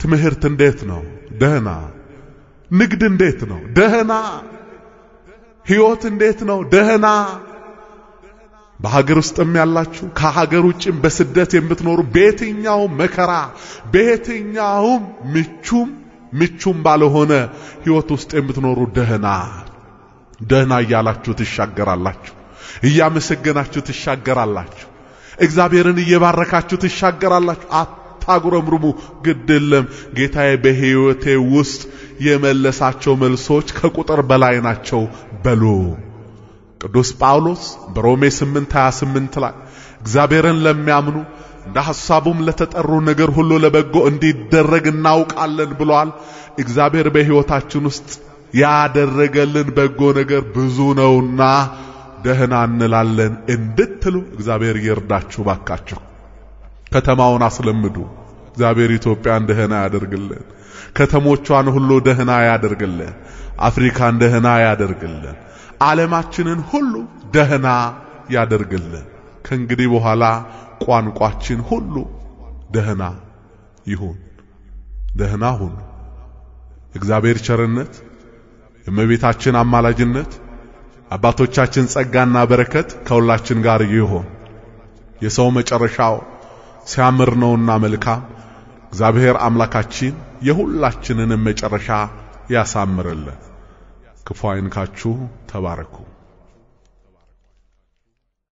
ትምህርት እንዴት ነው? ደህና። ንግድ እንዴት ነው? ደህና። ሕይወት እንዴት ነው? ደህና በሀገር ውስጥም ያላችሁ ከሀገር ውጭም በስደት የምትኖሩ በየትኛውም መከራ በየትኛውም ምቹም ምቹም ባልሆነ ህይወት ውስጥ የምትኖሩ ደህና ደህና እያላችሁ ትሻገራላችሁ። እያመሰገናችሁ ትሻገራላችሁ። እግዚአብሔርን እየባረካችሁ ትሻገራላችሁ። አታጉረምርሙ፣ ግድለም ጌታዬ በህይወቴ ውስጥ የመለሳቸው መልሶች ከቁጥር በላይ ናቸው በሉ። ቅዱስ ጳውሎስ በሮሜ 8:28 ላይ እግዚአብሔርን ለሚያምኑ እንደ ሐሳቡም ለተጠሩ ነገር ሁሉ ለበጎ እንዲደረግ እናውቃለን ብሏል። እግዚአብሔር በሕይወታችን ውስጥ ያደረገልን በጎ ነገር ብዙ ነውና ደህና እንላለን እንድትሉ እግዚአብሔር ይርዳችሁ። ባካችሁ ከተማውን አስለምዱ። እግዚአብሔር ኢትዮጵያን ደህና ያደርግልን። ከተሞቿን ሁሉ ደህና ያደርግልን። አፍሪካን ደህና ያደርግልን። ዓለማችንን ሁሉ ደህና ያደርግልን። ከእንግዲህ በኋላ ቋንቋችን ሁሉ ደህና ይሁን። ደህና ሁን። እግዚአብሔር ቸርነት፣ የእመቤታችን አማላጅነት፣ አባቶቻችን ጸጋና በረከት ከሁላችን ጋር ይሁን። የሰው መጨረሻው ሲያምር ነውና መልካም። እግዚአብሔር አምላካችን የሁላችንንም መጨረሻ ያሳምርልን። ክፉ አይንካችሁ፣ ተባረኩ።